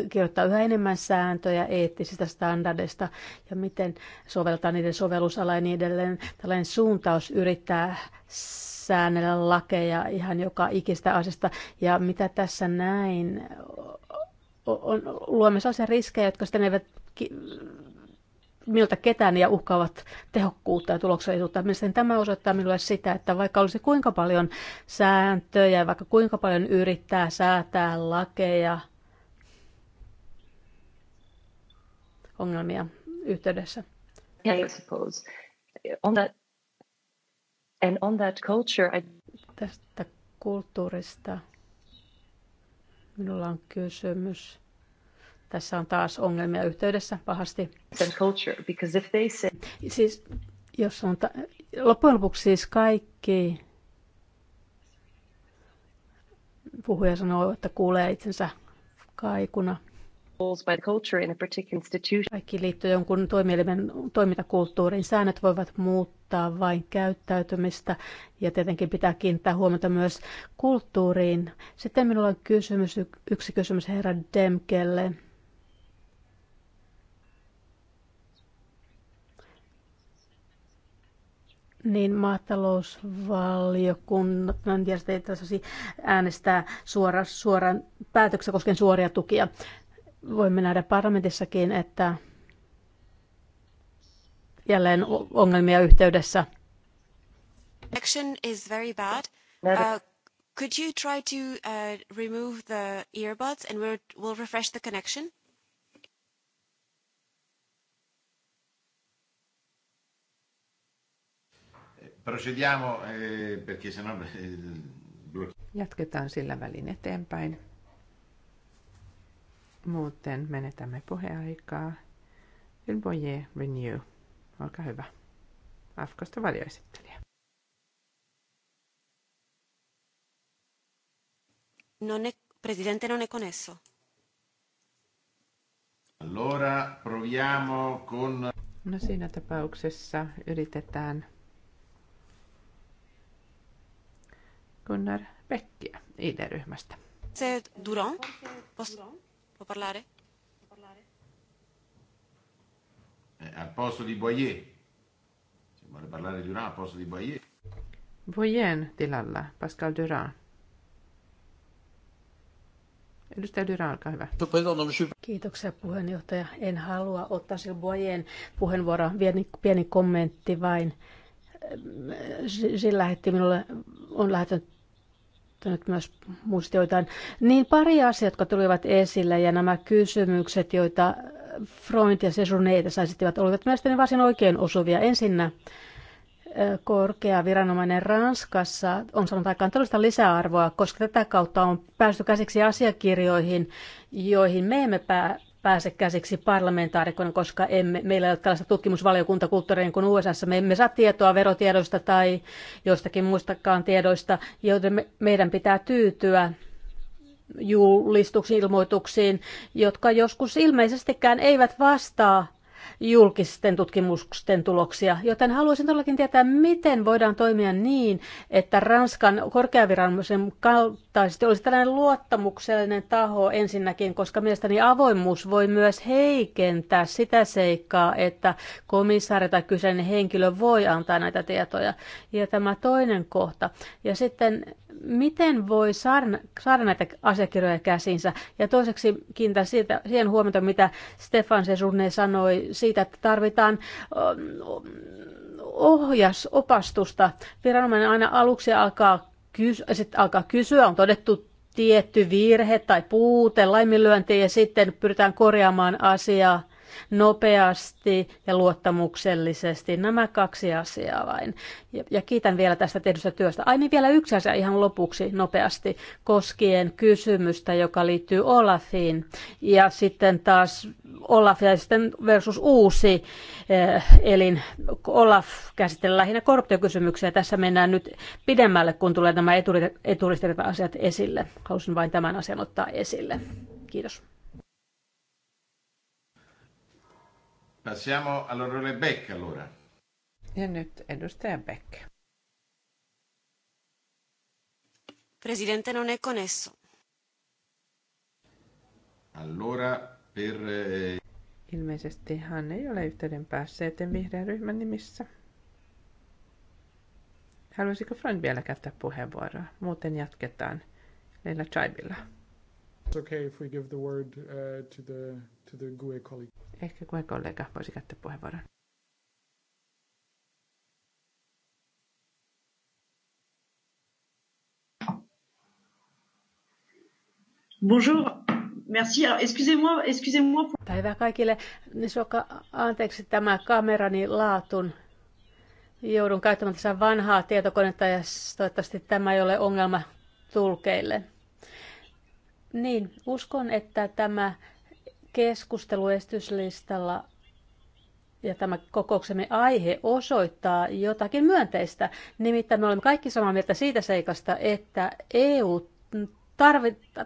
kirjoittaa yhä enemmän sääntöjä eettisistä standardeista ja miten soveltaa niiden sovellusala ja niin edelleen. Tällainen suuntaus yrittää säännellä lakeja ihan joka ikistä asiasta. Ja mitä tässä näin, on, luomme sellaisia riskejä, jotka sitten eivät miltä ketään ja uhkaavat tehokkuutta ja tuloksellisuutta. Mielestäni tämä osoittaa minulle sitä, että vaikka olisi kuinka paljon sääntöjä, vaikka kuinka paljon yrittää säätää lakeja, ongelmia yhteydessä. Yeah, I suppose. On that, and on that culture, I... Tästä kulttuurista minulla on kysymys. Tässä on taas ongelmia yhteydessä pahasti. Siis, jos on ta- loppujen lopuksi siis kaikki puhuja sanoo, että kuulee itsensä kaikuna. Kaikki liittyy jonkun toimielimen toimintakulttuuriin. Säännöt voivat muuttaa vain käyttäytymistä ja tietenkin pitää kiinnittää huomiota myös kulttuuriin. Sitten minulla on kysymys, yksi kysymys herra Demkelle. Niin maatalousvaliokunnan järjestelmässä äänestää suora, suoraan päätöksessä koskien suoria tukia. Voimme nähdä parlamentissakin, että jälleen ongelmia yhteydessä. Action is very bad. Uh, could you try to uh, remove the earbuds and we'll, we'll refresh the connection? Procediamo, eh, perché sennò... Eh, Jatketaan sillä välin eteenpäin. Muuten menetämme puheaikaa. Ylboje Renew, olkaa hyvä. Afkosta valioesittelijä. Non è, presidente non è connesso. Allora proviamo con... No siinä tapauksessa yritetään Gunnar Pekkiä ID-ryhmästä. Se Duran, pos, può parlare? Eh, al posto di Boyer. Se vuole parlare Duran, al posto di Boyer. Boyen tilalla, Pascal Duran. Edustaja Dyrä, olkaa hyvä. Kiitoksia puheenjohtaja. En halua ottaa Silbojen puheenvuoroa. Pieni, pieni kommentti vain. Sillä lähetti minulle, on lähettänyt nyt myös joitain Niin pari asiaa, jotka tulivat esille ja nämä kysymykset, joita Freund ja Sejourneita saisittivat, olivat mielestäni varsin oikein osuvia. Ensinnä korkea viranomainen Ranskassa on saanut aikaan tällaista lisäarvoa, koska tätä kautta on päästy käsiksi asiakirjoihin, joihin me emme pää, pääse käsiksi parlamentaarikkoina, koska emme, meillä ei ole tällaista tutkimusvaliokuntakulttuuria kuin USA. Me emme saa tietoa verotiedoista tai jostakin muistakaan tiedoista, joten me, meidän pitää tyytyä julistuksiin, ilmoituksiin, jotka joskus ilmeisestikään eivät vastaa julkisten tutkimusten tuloksia, joten haluaisin todellakin tietää, miten voidaan toimia niin, että Ranskan korkeaviranomaisen kaltaisesti olisi tällainen luottamuksellinen taho ensinnäkin, koska mielestäni avoimuus voi myös heikentää sitä seikkaa, että komissaari tai kyseinen henkilö voi antaa näitä tietoja. Ja tämä toinen kohta. Ja sitten miten voi saada, saada näitä asiakirjoja käsinsä? Ja toiseksi kiinnitän siitä, siihen huomioon, mitä Stefan Sesurne sanoi siitä, että tarvitaan ohjas, opastusta. Viranomainen aina aluksi alkaa, kys, sit alkaa kysyä, on todettu tietty virhe tai puute, laiminlyönti ja sitten pyritään korjaamaan asiaa nopeasti ja luottamuksellisesti. Nämä kaksi asiaa vain. Ja, ja kiitän vielä tästä tehdystä työstä. Ai niin, vielä yksi asia ihan lopuksi nopeasti koskien kysymystä, joka liittyy Olafiin. Ja sitten taas Olaf ja sitten versus uusi eh, elin. Olaf käsittelee lähinnä korruptiokysymyksiä. Tässä mennään nyt pidemmälle, kun tulee nämä eturistiriita-asiat esille. Halusin vain tämän asian ottaa esille. Kiitos. Passiamo all'onorevole Beck allora. Ja nyt edustaja Beck. Presidente non è connesso. Allora per... Eh, Ilmeisesti hän ei ole yhteyden päässä, joten vihreän ryhmän nimissä. Haluaisiko Freund vielä käyttää puheenvuoroa? Muuten jatketaan Leila Chaibilla. It's okay if we give the word uh, to the, to the GUE colleague. Ehkä GUE-kollega voisi käyttää puheenvuoron. Bonjour, merci. excusez-moi, excusez-moi. Päivää kaikille. Soka, anteeksi tämä kamerani laatun. Joudun käyttämään tässä vanhaa tietokonetta ja toivottavasti tämä ei ole ongelma tulkeille. Niin, uskon, että tämä keskustelu estyslistalla ja tämä kokouksemme aihe osoittaa jotakin myönteistä. Nimittäin me olemme kaikki samaa mieltä siitä seikasta, että EU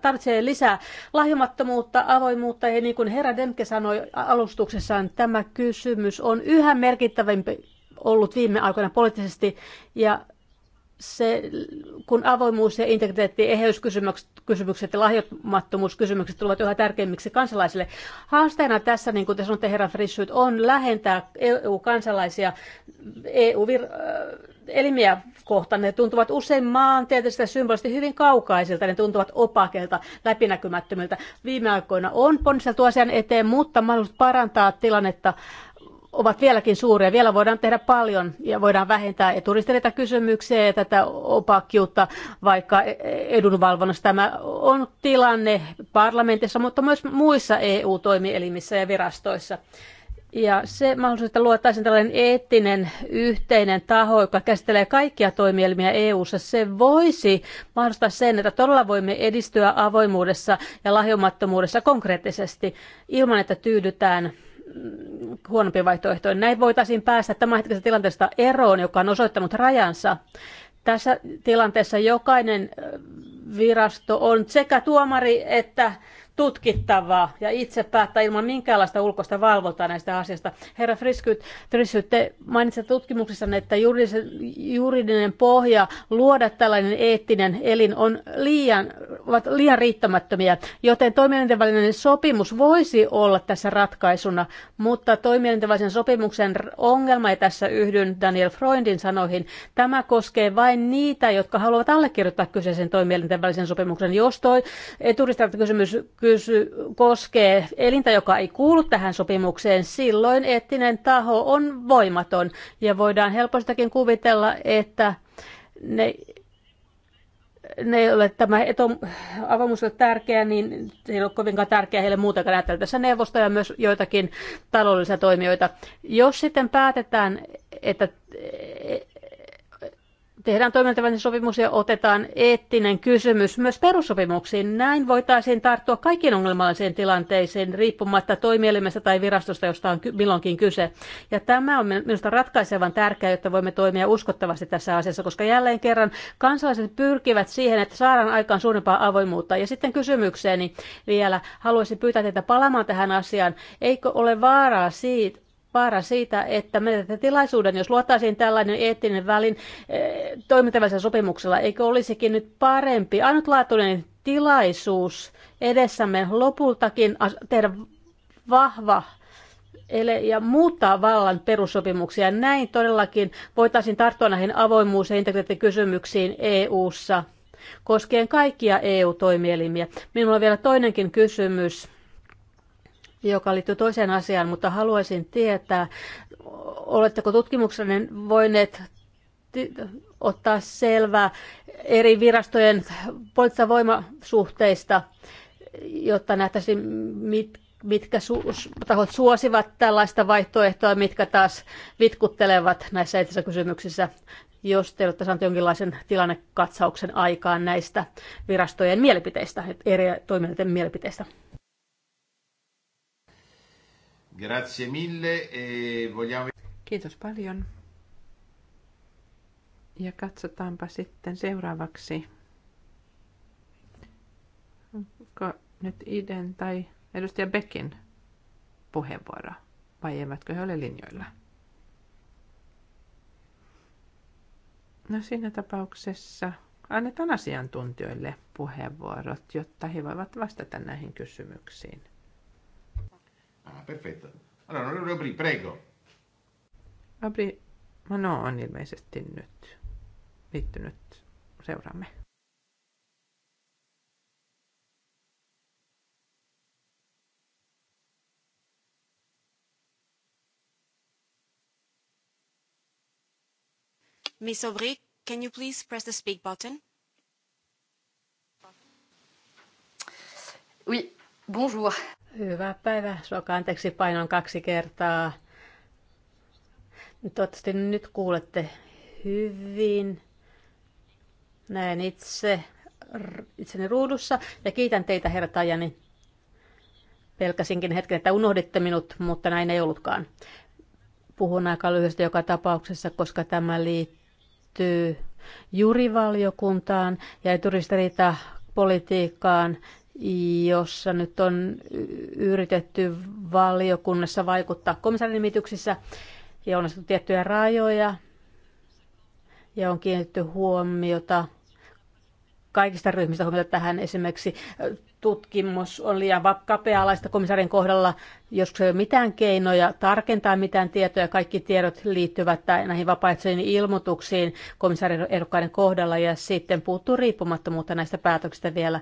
tarvitsee lisää lahjomattomuutta, avoimuutta ja niin kuin herra Demke sanoi alustuksessaan, tämä kysymys on yhä merkittävämpi ollut viime aikoina poliittisesti ja se, kun avoimuus ja integriteetti, eheyskysymykset ja lahjoittamattomuuskysymykset tulevat yhä tärkeimmiksi kansalaisille. Haasteena tässä, niin kuin te sanotte, herra Frissyt, on lähentää EU-kansalaisia EU-elimiä äh, kohtaan. Ne tuntuvat usein maantieteellisesti ja symbolisesti hyvin kaukaisilta, ne tuntuvat opakelta, läpinäkymättömiltä. Viime aikoina on ponnisteltu asian eteen, mutta mahdollisuus parantaa tilannetta ovat vieläkin suuria. Vielä voidaan tehdä paljon ja voidaan vähentää eturistiriita kysymyksiä ja tätä opakkiutta, vaikka e- e- edunvalvonnassa tämä on tilanne parlamentissa, mutta myös muissa EU-toimielimissä ja virastoissa. Ja se mahdollisuus, että luotaisiin tällainen eettinen yhteinen taho, joka käsittelee kaikkia toimielimiä EU-ssa, se voisi mahdollistaa sen, että todella voimme edistyä avoimuudessa ja lahjomattomuudessa konkreettisesti ilman, että tyydytään huonompi vaihtoehto. Näin voitaisiin päästä tämänhetkisestä tilanteesta eroon, joka on osoittanut rajansa. Tässä tilanteessa jokainen virasto on sekä tuomari että tutkittavaa ja itse päättää ilman minkäänlaista ulkoista valvontaa näistä asioista. Herra Friskyt, Friskyt te mainitsitte tutkimuksessa, että juridinen pohja luoda tällainen eettinen elin on liian, ovat liian riittämättömiä, joten toimijoiden välinen sopimus voisi olla tässä ratkaisuna, mutta toimijoiden välisen sopimuksen ongelma, ja tässä yhdyn Daniel Freundin sanoihin, tämä koskee vain niitä, jotka haluavat allekirjoittaa kyseisen toimielinten välisen sopimuksen. Jos toi ky- kysy, koskee elintä, joka ei kuulu tähän sopimukseen, silloin eettinen taho on voimaton. Ja voidaan helpostakin kuvitella, että ne, ne ole tämä avoimuus on tärkeä, niin se ei ole kovinkaan tärkeä heille muutenkaan näyttää tässä neuvostoja myös joitakin taloudellisia toimijoita. Jos sitten päätetään, että tehdään toimintavälinen sopimus ja otetaan eettinen kysymys myös perussopimuksiin. Näin voitaisiin tarttua kaikkiin ongelmallisiin tilanteisiin riippumatta toimielimestä tai virastosta, josta on milloinkin kyse. Ja tämä on minusta ratkaisevan tärkeää, jotta voimme toimia uskottavasti tässä asiassa, koska jälleen kerran kansalaiset pyrkivät siihen, että saadaan aikaan suurempaa avoimuutta. Ja sitten kysymykseeni vielä haluaisin pyytää teitä palaamaan tähän asiaan. Eikö ole vaaraa siitä, vaara siitä, että menetätte tilaisuuden, jos luotaisiin tällainen eettinen välin eh, toimintavälisellä sopimuksella. Eikö olisikin nyt parempi, ainutlaatuinen tilaisuus edessämme lopultakin tehdä vahva ja muuttaa vallan perussopimuksia. Näin todellakin voitaisiin tarttua näihin avoimuus- ja integriteettikysymyksiin EU-ssa koskien kaikkia EU-toimielimiä. Minulla on vielä toinenkin kysymys joka liittyy toiseen asiaan, mutta haluaisin tietää, oletteko tutkimuksenne voineet ottaa selvää eri virastojen poliittisista voimasuhteista, jotta nähtäisiin, mit, mitkä su- tahot suosivat tällaista vaihtoehtoa, mitkä taas vitkuttelevat näissä eettisissä kysymyksissä, jos te olette saaneet jonkinlaisen tilannekatsauksen aikaan näistä virastojen mielipiteistä, eri toimijoiden mielipiteistä. Grazie mille e vogliamo... Kiitos paljon. Ja katsotaanpa sitten seuraavaksi. Onko nyt Iden tai edustaja Beckin puheenvuoro vai eivätkö he ole linjoilla? No siinä tapauksessa annetaan asiantuntijoille puheenvuorot, jotta he voivat vastata näihin kysymyksiin. Ah, perfetto. Allora, non lo Apri, prego. Apri, ma no on ilmeisesti nyt liittynyt seuraamme. Miss Aubry, can you please press the speak button? Oui, Bonjour. Hyvää päivää. Suokaa anteeksi painon kaksi kertaa. Toivottavasti nyt kuulette hyvin. Näen itse itseni ruudussa ja kiitän teitä herra Tajani. Pelkäsinkin hetken, että unohditte minut, mutta näin ei ollutkaan. Puhun aika lyhyesti joka tapauksessa, koska tämä liittyy jurivaliokuntaan ja ei turistiriita politiikkaan jossa nyt on yritetty valiokunnassa vaikuttaa komissaarin nimityksissä ja on asetettu tiettyjä rajoja ja on kiinnitetty huomiota kaikista ryhmistä huomiota tähän. Esimerkiksi tutkimus on liian kapea-alaista komissaarin kohdalla, joskus ei ole mitään keinoja tarkentaa mitään tietoja. Kaikki tiedot liittyvät näihin vapaaehtoisiin ilmoituksiin komissaarin ehdokkaiden kohdalla ja sitten puuttuu riippumattomuutta näistä päätöksistä vielä.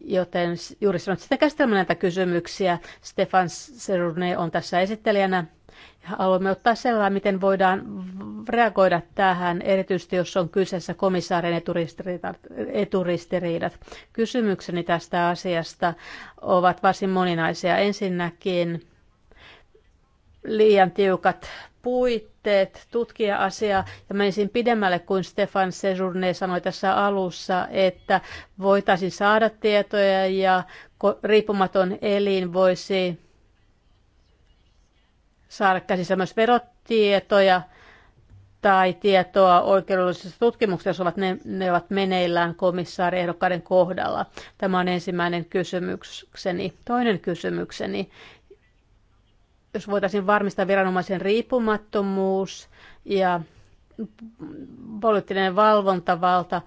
Joten juuri sanot sitä käsittelemään näitä kysymyksiä. Stefan Serurne on tässä esittelijänä. Haluamme ottaa selvää, miten voidaan reagoida tähän, erityisesti jos on kyseessä komissaarin eturistiriidat. Kysymykseni tästä asiasta ovat varsin moninaisia. Ensinnäkin liian tiukat puitteet tutkia asiaa ja menisin pidemmälle kuin Stefan Sejourne sanoi tässä alussa, että voitaisiin saada tietoja ja riippumaton elin voisi saada käsissä myös verotietoja tai tietoa oikeudellisesta tutkimuksesta, jos ovat ne, ne ovat meneillään komissaariehdokkaiden kohdalla. Tämä on ensimmäinen kysymykseni. Toinen kysymykseni jos voitaisiin varmistaa viranomaisen riippumattomuus ja poliittinen valvontavalta,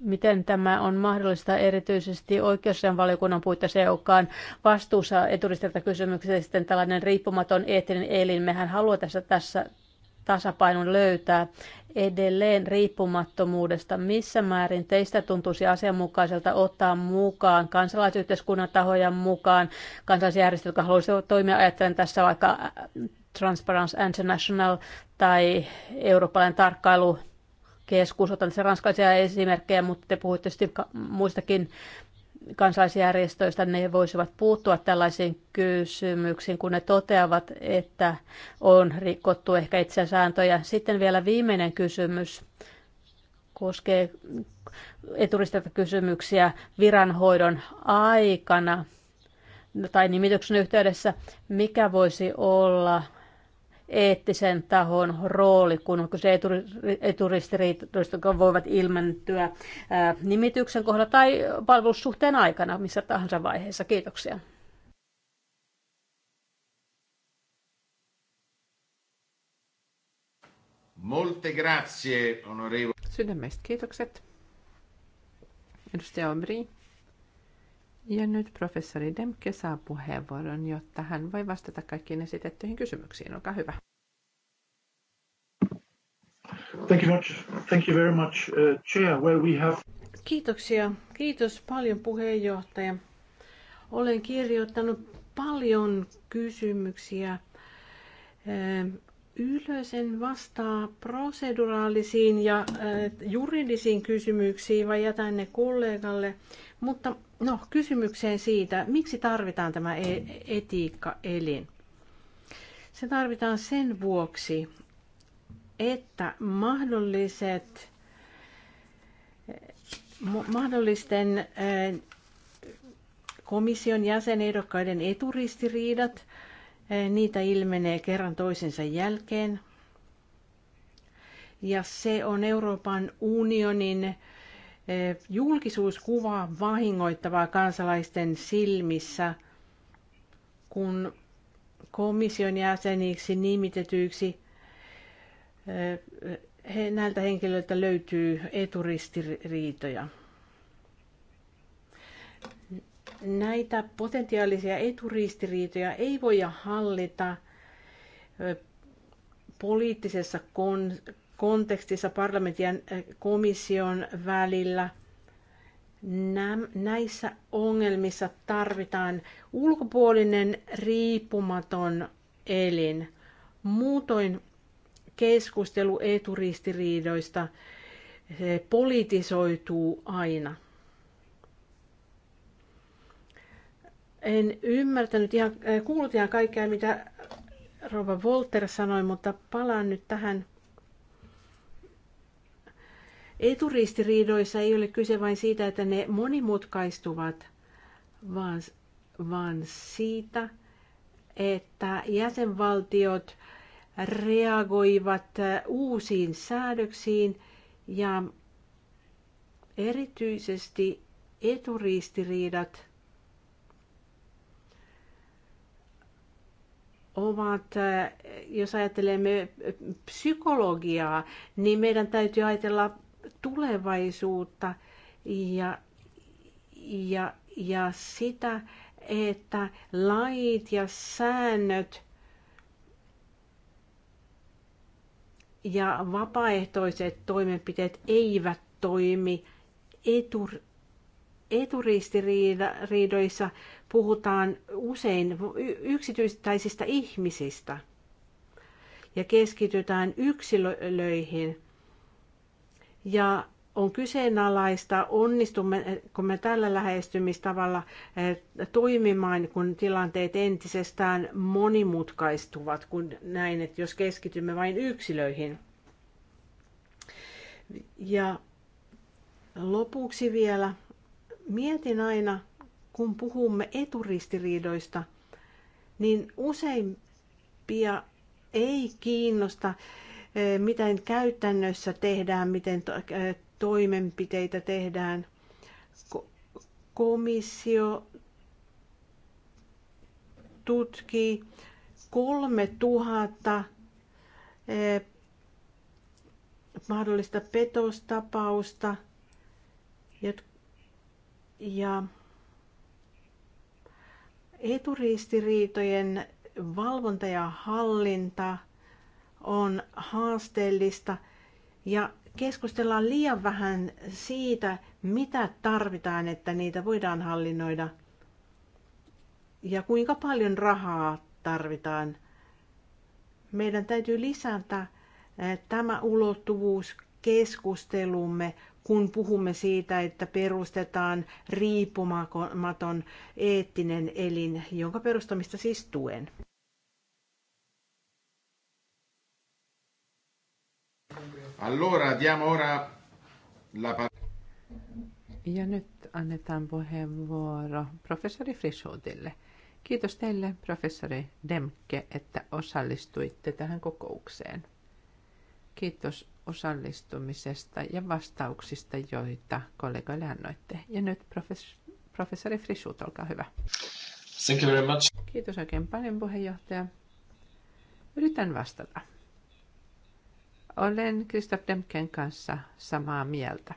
miten tämä on mahdollista erityisesti oikeusasian valiokunnan puitteissa, joka on vastuussa eturistilta kysymyksestä, sitten tällainen riippumaton eettinen elin. Mehän haluamme tässä, tässä tasapainon löytää edelleen riippumattomuudesta. Missä määrin teistä tuntuisi asianmukaiselta ottaa mukaan kansalaisyhteiskunnan tahoja mukaan, kansalaisjärjestöt, jotka haluaisivat toimia, ajattelen tässä vaikka äh, Transparency International tai eurooppalainen tarkkailu otan tässä ranskaisia esimerkkejä, mutta te puhuitte muistakin kansalaisjärjestöistä, ne voisivat puuttua tällaisiin kysymyksiin, kun ne toteavat, että on rikottu ehkä itsesääntöjä. Sitten vielä viimeinen kysymys koskee eturistettä kysymyksiä viranhoidon aikana tai nimityksen yhteydessä. Mikä voisi olla eettisen tahon rooli, kun se eturistiriitoista voivat ilmentyä nimityksen kohdalla tai palvelussuhteen aikana missä tahansa vaiheessa. Kiitoksia. Molte grazie, onorevole. Sydämestä kiitokset. Edustaja Omri. Ja nyt professori Demke saa puheenvuoron, jotta hän voi vastata kaikkiin esitettyihin kysymyksiin. Olkaa hyvä. Thank you, much. Thank you very much, uh, Chair. Well, we have... Kiitoksia. Kiitos paljon puheenjohtaja. Olen kirjoittanut paljon kysymyksiä Ylösen vastaa proseduraalisiin ja äh, juridisiin kysymyksiin vai jätän ne kollegalle. Mutta no, kysymykseen siitä, miksi tarvitaan tämä e-, etiikkaelin? Se tarvitaan sen vuoksi, että mahdolliset, mahdollisten äh, komission jäsenehdokkaiden eturistiriidat – Eh, niitä ilmenee kerran toisensa jälkeen. Ja se on Euroopan unionin eh, julkisuuskuvaa vahingoittavaa kansalaisten silmissä, kun komission jäseniksi nimitetyiksi eh, he, näiltä henkilöiltä löytyy eturistiriitoja. Näitä potentiaalisia eturistiriitoja ei voida hallita poliittisessa kontekstissa parlamentin ja komission välillä – näissä ongelmissa tarvitaan ulkopuolinen riippumaton elin. Muutoin keskustelu eturistiriidoista se politisoituu aina. En ymmärtänyt ihan, äh, kuullut ihan kaikkea, mitä Rova Volter sanoi, mutta palaan nyt tähän. Eturistiriidoissa ei ole kyse vain siitä, että ne monimutkaistuvat, vaan, vaan siitä, että jäsenvaltiot reagoivat äh, uusiin säädöksiin ja erityisesti eturiistiriidat – ovat, äh, jos ajattelemme psykologiaa, niin meidän täytyy ajatella tulevaisuutta ja, ja, ja sitä, että lait ja säännöt ja vapaaehtoiset toimenpiteet eivät toimi etur, eturistiriidoissa, puhutaan usein yksityistäisistä ihmisistä ja keskitytään yksilöihin. Ja on kyseenalaista, onnistummeko me tällä lähestymistavalla eh, toimimaan, kun tilanteet entisestään monimutkaistuvat, kun näin, että jos keskitymme vain yksilöihin. Ja lopuksi vielä mietin aina, kun puhumme eturistiriidoista, niin useimpia ei kiinnosta, eh, miten käytännössä tehdään, miten eh, toimenpiteitä tehdään. Komissio tutkii 3000 eh, mahdollista petostapausta ja Eturistiriitojen valvonta ja hallinta on haasteellista ja keskustellaan liian vähän siitä, mitä tarvitaan, että niitä voidaan hallinnoida ja kuinka paljon rahaa tarvitaan. Meidän täytyy lisätä eh, tämä ulottuvuus keskustelumme kun puhumme siitä, että perustetaan riippumaton eettinen elin, jonka perustamista siis tuen. Allora, diamo ora la ja nyt annetaan puheenvuoro professori Frisodille. Kiitos teille, professori Demke, että osallistuitte tähän kokoukseen. Kiitos osallistumisesta ja vastauksista, joita kollegoille annoitte. Ja nyt professori, professori olkaa hyvä. Thank you very much. Kiitos oikein paljon puheenjohtaja. Yritän vastata. Olen Kristof Demken kanssa samaa mieltä,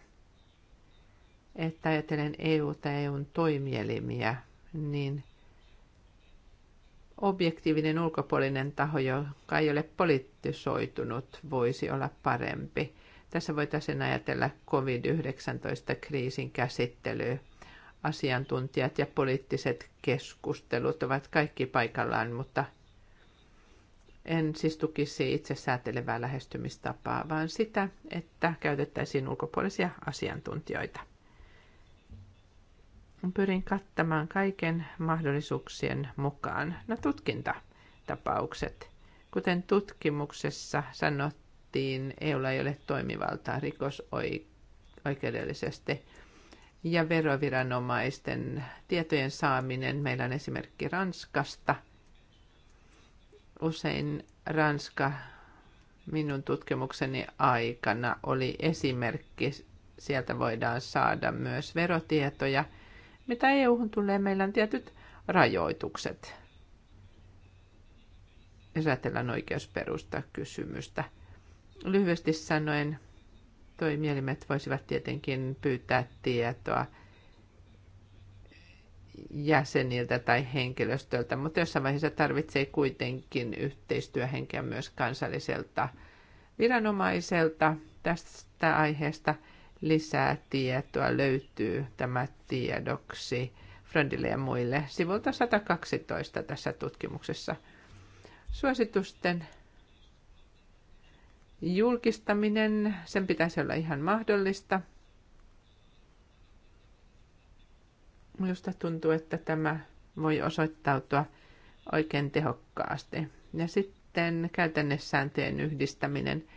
että ajatellen EU: ja EUn toimielimiä, niin objektiivinen ulkopuolinen taho, joka ei ole politisoitunut, voisi olla parempi. Tässä voitaisiin ajatella COVID-19-kriisin käsittelyä. Asiantuntijat ja poliittiset keskustelut ovat kaikki paikallaan, mutta en siis tukisi itse säätelevää lähestymistapaa, vaan sitä, että käytettäisiin ulkopuolisia asiantuntijoita pyrin kattamaan kaiken mahdollisuuksien mukaan. No tutkintatapaukset. Kuten tutkimuksessa sanottiin, EUlla ei ole toimivaltaa rikosoikeudellisesti. Ja veroviranomaisten tietojen saaminen. Meillä on esimerkki Ranskasta. Usein Ranska minun tutkimukseni aikana oli esimerkki. Sieltä voidaan saada myös verotietoja – mitä EU-hun tulee, meillä on tietyt rajoitukset. Jos ajatellaan oikeusperusta kysymystä. Lyhyesti sanoen, toimielimet voisivat tietenkin pyytää tietoa jäseniltä tai henkilöstöltä, mutta jossain vaiheessa tarvitsee kuitenkin yhteistyöhenkeä myös kansalliselta viranomaiselta tästä aiheesta – lisää tietoa löytyy tämä tiedoksi Fröndille ja muille sivulta 112 tässä tutkimuksessa. Suositusten julkistaminen, sen pitäisi olla ihan mahdollista. Minusta tuntuu, että tämä voi osoittautua oikein tehokkaasti. Ja sitten käytännössääntöjen yhdistäminen –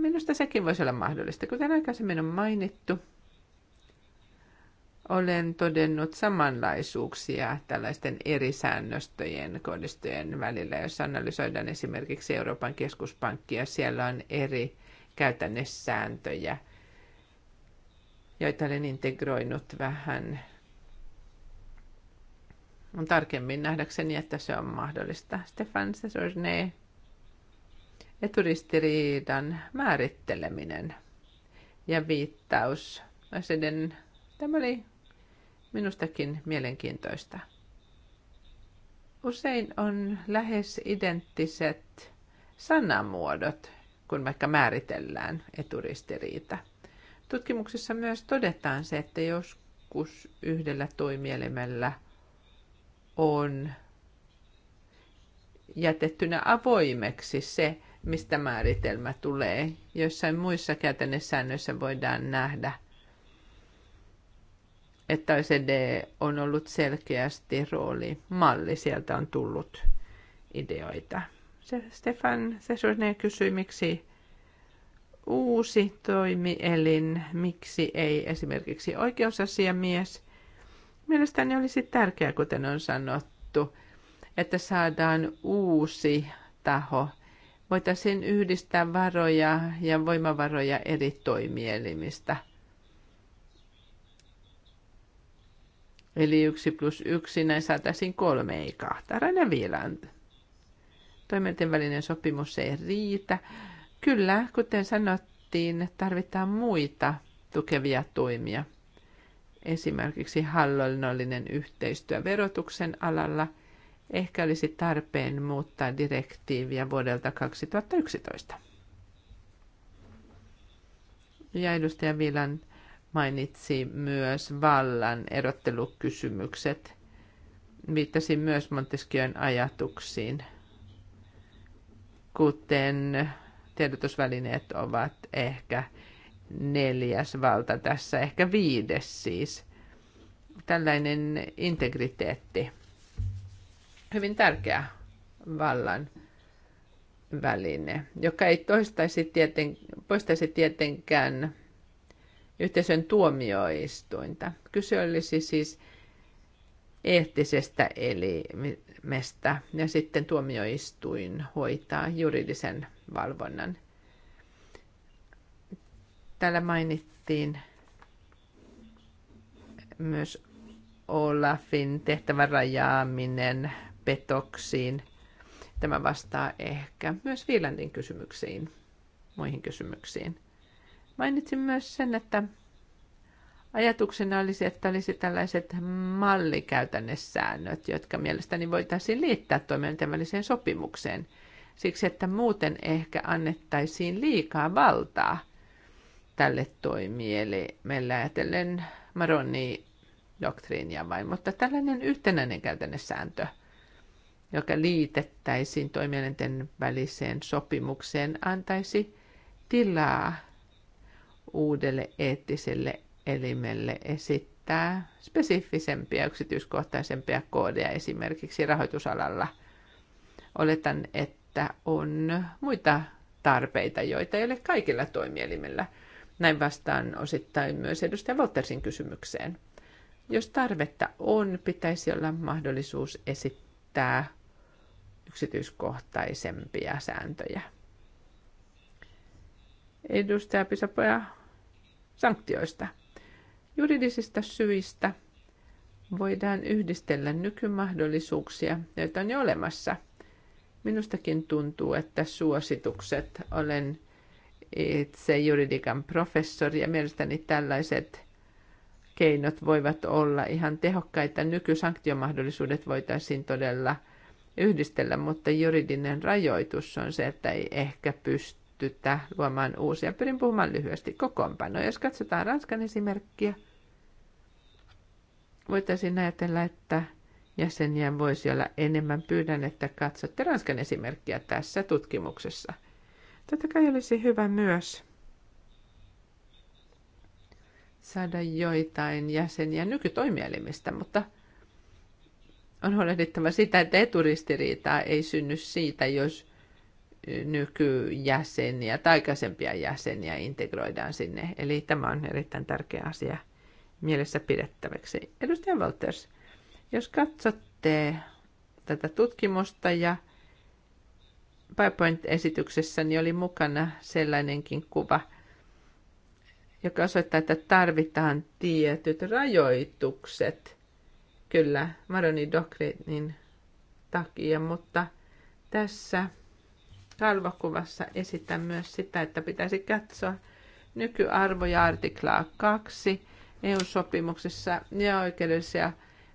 Minusta sekin voisi olla mahdollista. Kuten aikaisemmin on mainittu, olen todennut samanlaisuuksia tällaisten eri säännöstöjen kodistojen välillä. Jos analysoidaan esimerkiksi Euroopan keskuspankkia, siellä on eri käytännössääntöjä, joita olen integroinut vähän on tarkemmin nähdäkseni, että se on mahdollista. Stefan Sesorne eturistiriidan määritteleminen ja viittaus. tämä oli minustakin mielenkiintoista. Usein on lähes identtiset sanamuodot, kun vaikka määritellään eturistiriita. Tutkimuksessa myös todetaan se, että joskus yhdellä toimielimellä on jätettynä avoimeksi se, mistä määritelmä tulee. Joissain muissa käytännössäännöissä voidaan nähdä, että OECD on ollut selkeästi rooli, malli, sieltä on tullut ideoita. Se Stefan Sesurne kysyi, miksi uusi toimielin, miksi ei esimerkiksi oikeusasiamies. Mielestäni olisi tärkeää, kuten on sanottu, että saadaan uusi taho – voitaisiin yhdistää varoja ja voimavaroja eri toimielimistä. Eli yksi plus yksi, näin saataisiin kolme, ei kahta. Raina Viiland. Toimijoiden välinen sopimus ei riitä. Kyllä, kuten sanottiin, tarvitaan muita tukevia toimia. Esimerkiksi hallinnollinen yhteistyö verotuksen alalla – ehkä olisi tarpeen muuttaa direktiiviä vuodelta 2011. Ja edustaja Vilan mainitsi myös vallan erottelukysymykset. Viittasi myös Montesquieun ajatuksiin, kuten tiedotusvälineet ovat ehkä neljäs valta tässä, ehkä viides siis. Tällainen integriteetti hyvin tärkeä vallan väline, joka ei toistaisi tieten, poistaisi tietenkään yhteisön tuomioistuinta. Kyse olisi siis eettisestä elimestä ja sitten tuomioistuin hoitaa juridisen valvonnan. Täällä mainittiin myös Olafin tehtävän rajaaminen, petoksiin. Tämä vastaa ehkä myös Viilandin kysymyksiin, muihin kysymyksiin. Mainitsin myös sen, että ajatuksena olisi, että olisi tällaiset mallikäytännessäännöt, jotka mielestäni voitaisiin liittää toimijoiden sopimukseen, siksi että muuten ehkä annettaisiin liikaa valtaa tälle Meillä ajatellen Maroni doktriinia vain, mutta tällainen yhtenäinen käytännössääntö joka liitettäisiin toimielinten väliseen sopimukseen, antaisi tilaa uudelle eettiselle elimelle esittää spesifisempiä, yksityiskohtaisempia koodeja esimerkiksi rahoitusalalla. Oletan, että on muita tarpeita, joita ei ole kaikilla toimielimillä. Näin vastaan osittain myös edustaja Waltersin kysymykseen. Jos tarvetta on, pitäisi olla mahdollisuus esittää yksityiskohtaisempia sääntöjä. Edustaja Pisapoja sanktioista. Juridisista syistä voidaan yhdistellä nykymahdollisuuksia, joita on jo olemassa. Minustakin tuntuu, että suositukset, olen itse juridikan professori ja mielestäni tällaiset keinot voivat olla ihan tehokkaita. Nykysanktiomahdollisuudet voitaisiin todella – yhdistellä, mutta juridinen rajoitus on se, että ei ehkä pystytä luomaan uusia. Pyrin puhumaan lyhyesti kokoonpanoja. Jos katsotaan Ranskan esimerkkiä, voitaisiin ajatella, että jäseniä voisi olla enemmän. Pyydän, että katsotte Ranskan esimerkkiä tässä tutkimuksessa. Totta kai olisi hyvä myös saada joitain jäseniä nykytoimielimistä, mutta – on huolehdittava sitä, että eturistiriitaa ei synny siitä, jos nykyjäseniä tai aikaisempia jäseniä integroidaan sinne. Eli tämä on erittäin tärkeä asia mielessä pidettäväksi. Edustaja Walters, jos katsotte tätä tutkimusta ja PowerPoint-esityksessäni niin oli mukana sellainenkin kuva, joka osoittaa, että tarvitaan tietyt rajoitukset – kyllä Maroni Dokrenin takia, mutta tässä kalvokuvassa esitän myös sitä, että pitäisi katsoa nykyarvoja artiklaa 2 EU-sopimuksessa ja oikeudellisia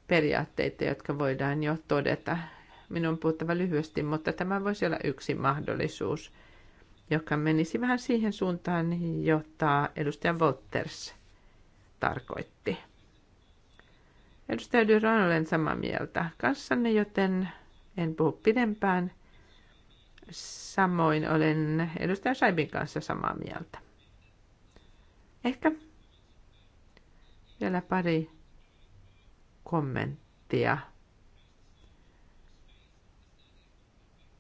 periaatteita, jotka voidaan jo todeta. Minun on puhuttava lyhyesti, mutta tämä voisi olla yksi mahdollisuus, joka menisi vähän siihen suuntaan, jota edustaja Wolters tarkoitti. Edustaja Dyran olen samaa mieltä kanssanne, joten en puhu pidempään. Samoin olen edustaja Saibin kanssa samaa mieltä. Ehkä vielä pari kommenttia.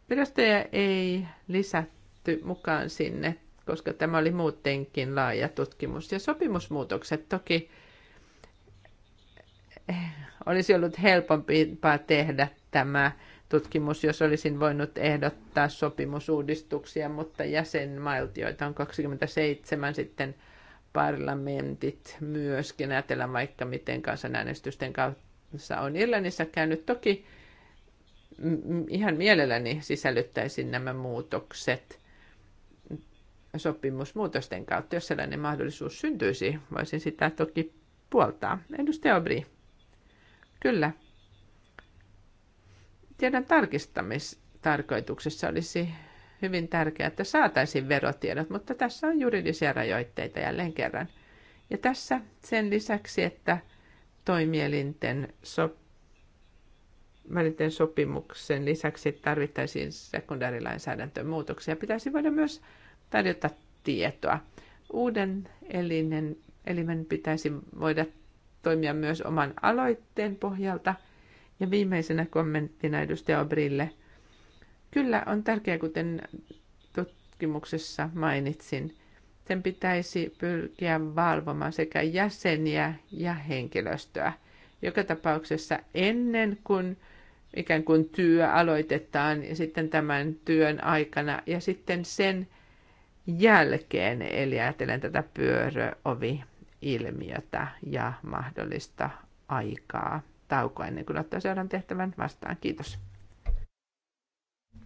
Virastoja ei lisätty mukaan sinne, koska tämä oli muutenkin laaja tutkimus. Ja sopimusmuutokset toki olisi ollut helpompaa tehdä tämä tutkimus, jos olisin voinut ehdottaa sopimusuudistuksia, mutta jäsenmailta, joita on 27 sitten parlamentit myöskin, ajatellaan vaikka miten kansanäänestysten kanssa on Irlannissa käynyt. Toki ihan mielelläni sisällyttäisin nämä muutokset sopimusmuutosten kautta, jos sellainen mahdollisuus syntyisi. Voisin sitä toki puoltaa. Edustaja Obri. Kyllä. Tiedon tarkistamistarkoituksessa olisi hyvin tärkeää, että saataisiin verotiedot, mutta tässä on juridisia rajoitteita jälleen kerran. Ja tässä sen lisäksi, että toimielinten sop- välinten sopimuksen lisäksi tarvittaisiin sekundaarilainsäädäntöön muutoksia, pitäisi voida myös tarjota tietoa. Uuden elinen, elimen pitäisi voida toimia myös oman aloitteen pohjalta. Ja viimeisenä kommenttina edustaja Obrille. Kyllä on tärkeää, kuten tutkimuksessa mainitsin, sen pitäisi pyrkiä valvomaan sekä jäseniä ja henkilöstöä. Joka tapauksessa ennen kuin ikään kuin työ aloitetaan ja sitten tämän työn aikana ja sitten sen jälkeen, eli ajatellen tätä pyöröovi ilmiötä ja mahdollista aikaa taukoa ennen kuin ottaa seuraavan tehtävän vastaan. Kiitos.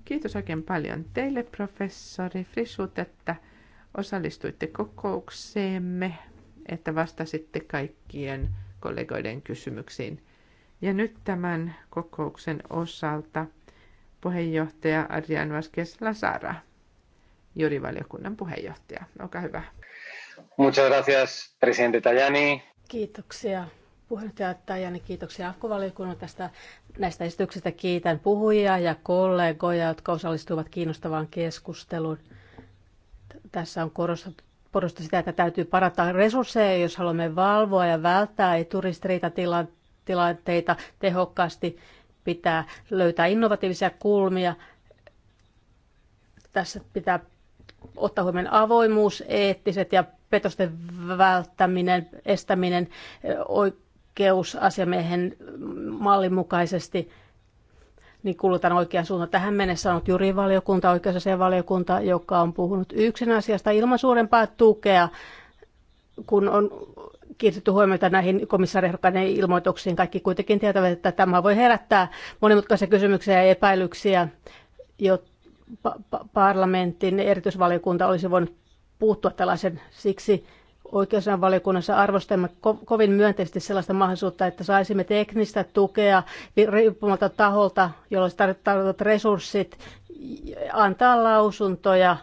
Kiitos oikein paljon teille, professori Frisut, että osallistuitte kokoukseemme, että vastasitte kaikkien kollegoiden kysymyksiin. Ja nyt tämän kokouksen osalta puheenjohtaja Adrian Vaskes Lasara, juurivaliokunnan puheenjohtaja. Olkaa hyvä. Muchas gracias, presidente Tajani. Kiitoksia puheenjohtaja Tajani, kiitoksia akkuvaliokunnan tästä näistä esityksistä. Kiitän puhujia ja kollegoja, jotka osallistuvat kiinnostavaan keskusteluun. Tässä on korostettu korostaa sitä, että täytyy parata resursseja, jos haluamme valvoa ja välttää eturistiriitatilanteita tehokkaasti. Pitää löytää innovatiivisia kulmia. Tässä pitää ottaa huomioon avoimuus, eettiset ja petosten välttäminen, estäminen oikeusasiamiehen mallin mukaisesti niin kulutan oikean suuntaan. Tähän mennessä on ollut jurivaliokunta, oikeusasianvaliokunta, joka on puhunut yksin asiasta ilman suurempaa tukea, kun on kiinnitetty huomiota näihin komissaariehdokkaiden ilmoituksiin. Kaikki kuitenkin tietävät, että tämä voi herättää monimutkaisia kysymyksiä ja epäilyksiä, jotta pa- parlamentin erityisvaliokunta olisi voinut puuttua tällaisen. Siksi oikeusvaliokunnassa arvostamme ko- kovin myönteisesti sellaista mahdollisuutta, että saisimme teknistä tukea riippumatta taholta, jolla tarvittavat resurssit antaa lausuntoja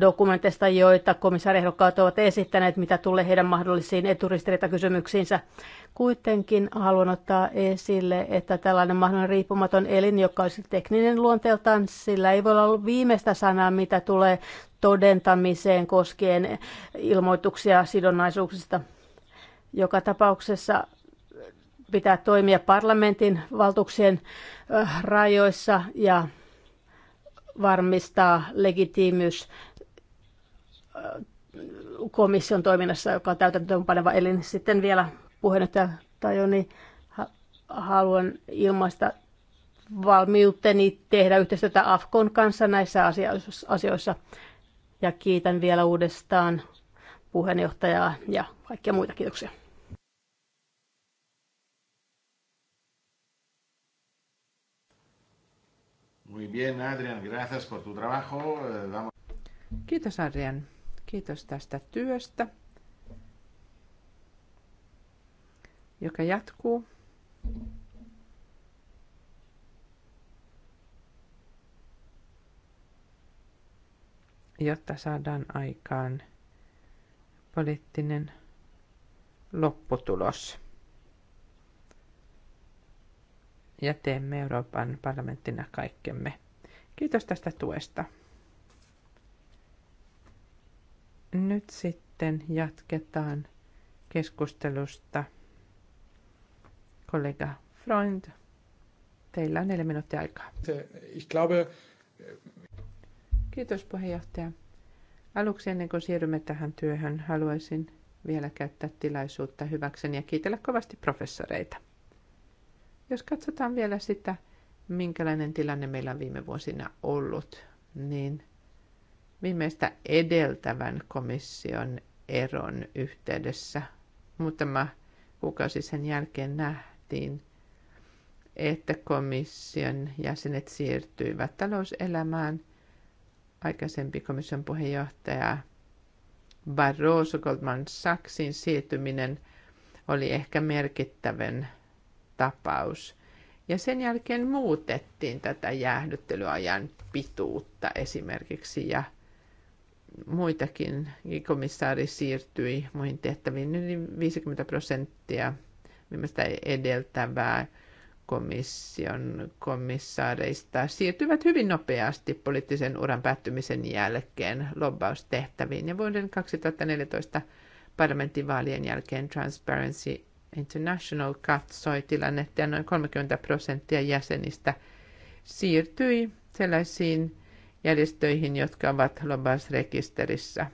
dokumenteista, joita komissaariehdokkaat ovat esittäneet, mitä tulee heidän mahdollisiin eturistiriitakysymyksiinsä. Kuitenkin haluan ottaa esille, että tällainen mahdollinen riippumaton elin, joka olisi tekninen luonteeltaan, sillä ei voi olla viimeistä sanaa, mitä tulee todentamiseen koskien ilmoituksia sidonnaisuuksista. Joka tapauksessa pitää toimia parlamentin valtuuksien äh, rajoissa ja varmistaa legitiimyys komission toiminnassa, joka on täytäntöönpaneva elin. Sitten vielä puheenjohtaja Tajoni, niin haluan ilmaista valmiutteni tehdä yhteistyötä Afkon kanssa näissä asioissa. Ja kiitän vielä uudestaan puheenjohtajaa ja kaikkia muita. Kiitoksia. Muy bien, Adrian. Gracias por tu trabajo. Vamos. Eh, Kiitos, Adrian. Kiitos tästä työstä, joka jatkuu. jotta saadaan aikaan poliittinen lopputulos. Ja teemme Euroopan parlamenttina kaikkemme. Kiitos tästä tuesta. Nyt sitten jatketaan keskustelusta. Kollega Freund, teillä on neljä minuuttia aikaa. Ich glaube... Kiitos puheenjohtaja. Aluksi ennen kuin siirrymme tähän työhön, haluaisin vielä käyttää tilaisuutta hyväkseni ja kiitellä kovasti professoreita. Jos katsotaan vielä sitä, minkälainen tilanne meillä on viime vuosina ollut, niin – viimeistä edeltävän komission eron yhteydessä muutama kuukausi sen jälkeen nähtiin, että komission jäsenet siirtyivät talouselämään. Aikaisempi komission puheenjohtaja Barroso Goldman Sachsin siirtyminen oli ehkä merkittävän tapaus. Ja sen jälkeen muutettiin tätä jäähdyttelyajan pituutta esimerkiksi ja – muitakin komissaari siirtyi muihin tehtäviin, yli 50 prosenttia viimeistä edeltävää komission komissaareista siirtyvät hyvin nopeasti poliittisen uran päättymisen jälkeen lobbaustehtäviin. Ja vuoden 2014 parlamenttivaalien jälkeen Transparency International katsoi tilannetta ja noin 30 prosenttia jäsenistä siirtyi sellaisiin järjestöihin, jotka ovat Lobas-rekisterissä.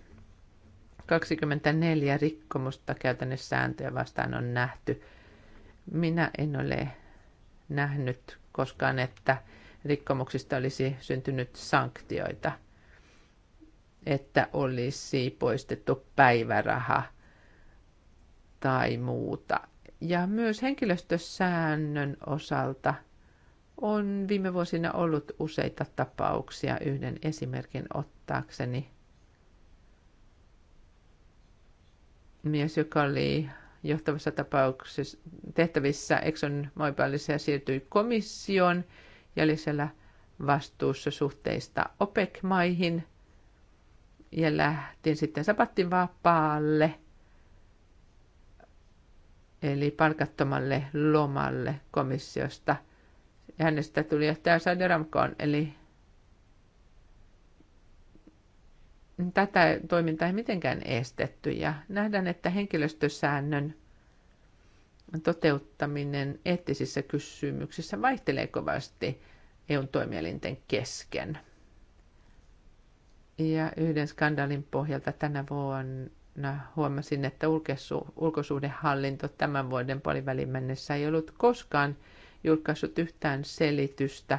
24 rikkomusta sääntöjä vastaan on nähty. Minä en ole nähnyt koskaan, että rikkomuksista olisi syntynyt sanktioita, että olisi poistettu päiväraha tai muuta. Ja myös henkilöstösäännön osalta – on viime vuosina ollut useita tapauksia yhden esimerkin ottaakseni. Mies, joka oli johtavassa tapauksessa tehtävissä Exxon Mobilissa ja siirtyi komission siellä vastuussa suhteista OPEC-maihin ja lähti sitten sapattin vapaalle eli palkattomalle lomalle komissiosta – ja hänestä tuli johtaja Saudi Eli tätä toimintaa ei mitenkään estetty ja nähdään, että henkilöstösäännön toteuttaminen eettisissä kysymyksissä vaihtelee kovasti EUn toimielinten kesken. Ja yhden skandaalin pohjalta tänä vuonna huomasin, että ulkosuhdehallinto tämän vuoden puolivälin mennessä ei ollut koskaan – julkaissut yhtään selitystä,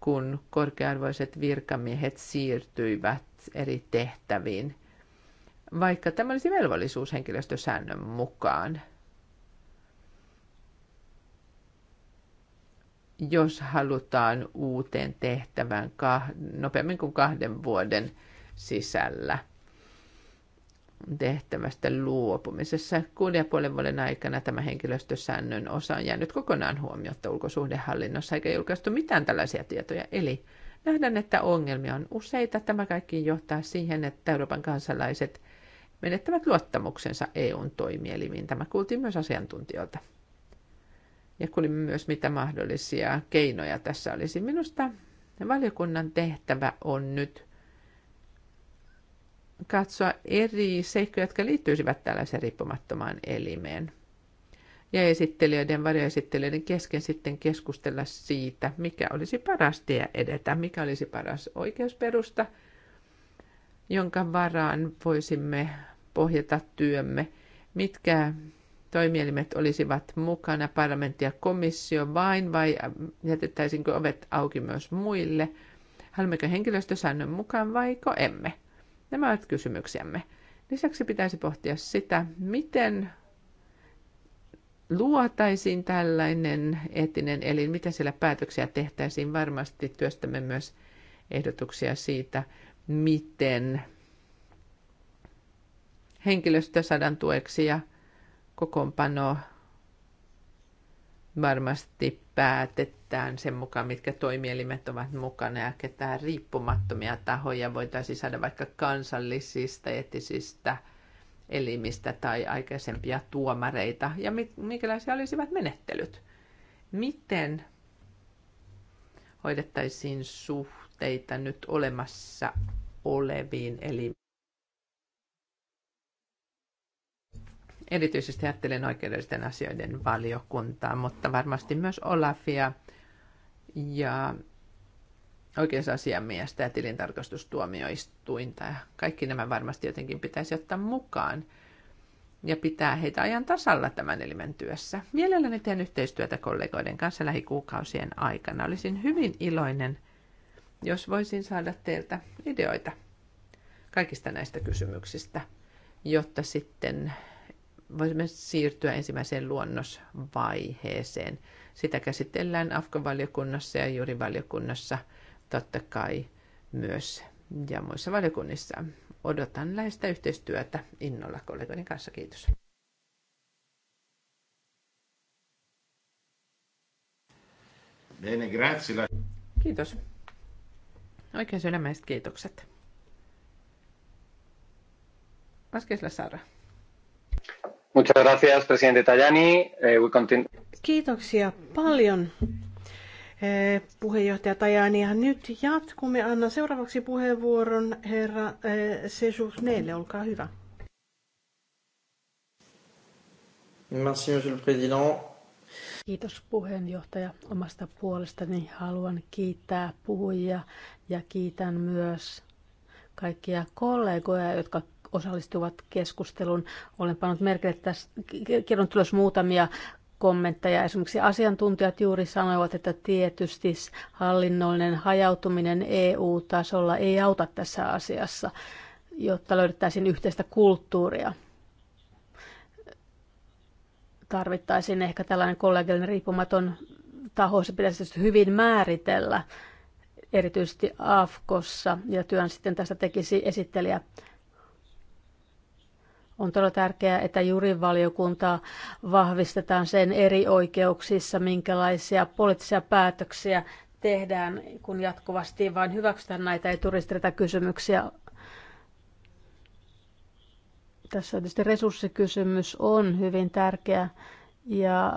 kun korkearvoiset virkamiehet siirtyivät eri tehtäviin, vaikka tämä olisi velvollisuus henkilöstösäännön mukaan. Jos halutaan uuteen tehtävään kah- nopeammin kuin kahden vuoden sisällä tehtävästä luopumisessa. Kuuden ja puolen vuoden aikana tämä henkilöstösäännön osa on jäänyt kokonaan huomiotta ulkosuhdehallinnossa, eikä julkaistu mitään tällaisia tietoja. Eli nähdään, että ongelmia on useita. Tämä kaikki johtaa siihen, että Euroopan kansalaiset menettävät luottamuksensa EUn toimielimiin. Tämä kuultiin myös asiantuntijoilta. Ja kuulimme myös, mitä mahdollisia keinoja tässä olisi. Minusta valiokunnan tehtävä on nyt – katsoa eri seikkoja, jotka liittyisivät tällaiseen riippumattomaan elimeen. Ja esittelijöiden, varjoesittelijöiden kesken sitten keskustella siitä, mikä olisi paras tie edetä, mikä olisi paras oikeusperusta, jonka varaan voisimme pohjata työmme, mitkä toimielimet olisivat mukana, parlamentti ja komissio vain, vai jätettäisinkö ovet auki myös muille, haluammeko henkilöstösäännön mukaan vaiko emme. Nämä ovat kysymyksiämme. Lisäksi pitäisi pohtia sitä, miten luotaisiin tällainen eettinen elin, miten siellä päätöksiä tehtäisiin. Varmasti työstämme myös ehdotuksia siitä, miten henkilöstö saadaan tueksi ja kokoonpano varmasti päätet kehitetään sen mukaan, mitkä toimielimet ovat mukana ja ketään riippumattomia tahoja voitaisiin saada vaikka kansallisista etisistä elimistä tai aikaisempia tuomareita ja minkälaisia olisivat menettelyt. Miten hoidettaisiin suhteita nyt olemassa oleviin elimiin? erityisesti ajattelen oikeudellisten asioiden valiokuntaa, mutta varmasti myös Olafia ja oikeusasiamiestä ja tilintarkastustuomioistuinta. Ja kaikki nämä varmasti jotenkin pitäisi ottaa mukaan ja pitää heitä ajan tasalla tämän elimen työssä. Mielelläni teen yhteistyötä kollegoiden kanssa lähikuukausien aikana. Olisin hyvin iloinen, jos voisin saada teiltä ideoita kaikista näistä kysymyksistä, jotta sitten voisimme siirtyä ensimmäiseen luonnosvaiheeseen sitä käsitellään AFKO-valiokunnassa ja juurivaliokunnassa totta kai myös ja muissa valiokunnissa. Odotan läheistä yhteistyötä innolla kollegoiden kanssa. Kiitos. Bene, grazie. Kiitos. Oikein sydämäiset kiitokset. Vaskeisella Sara. Muchas gracias, presidente Tajani. Eh, Kiitoksia paljon eh, puheenjohtaja Tajani. Ja nyt jatkumme. Anna seuraavaksi puheenvuoron herra eh, Neille. Olkaa hyvä. Merci, monsieur le président. Kiitos puheenjohtaja. Omasta puolestani haluan kiittää puhujia ja kiitän myös kaikkia kollegoja, jotka osallistuvat keskusteluun. Olen pannut merkille että kerron tulos muutamia kommentteja. Esimerkiksi asiantuntijat juuri sanoivat, että tietysti hallinnollinen hajautuminen EU-tasolla ei auta tässä asiassa, jotta löydettäisiin yhteistä kulttuuria. Tarvittaisiin ehkä tällainen kollegiallinen riippumaton taho, se pitäisi hyvin määritellä, erityisesti AFKossa, ja työn sitten tästä tekisi esittelijä on todella tärkeää, että jurivaliokuntaa vahvistetaan sen eri oikeuksissa, minkälaisia poliittisia päätöksiä tehdään, kun jatkuvasti vain hyväksytään näitä eturistiriita kysymyksiä. Tässä tietysti resurssikysymys on hyvin tärkeä ja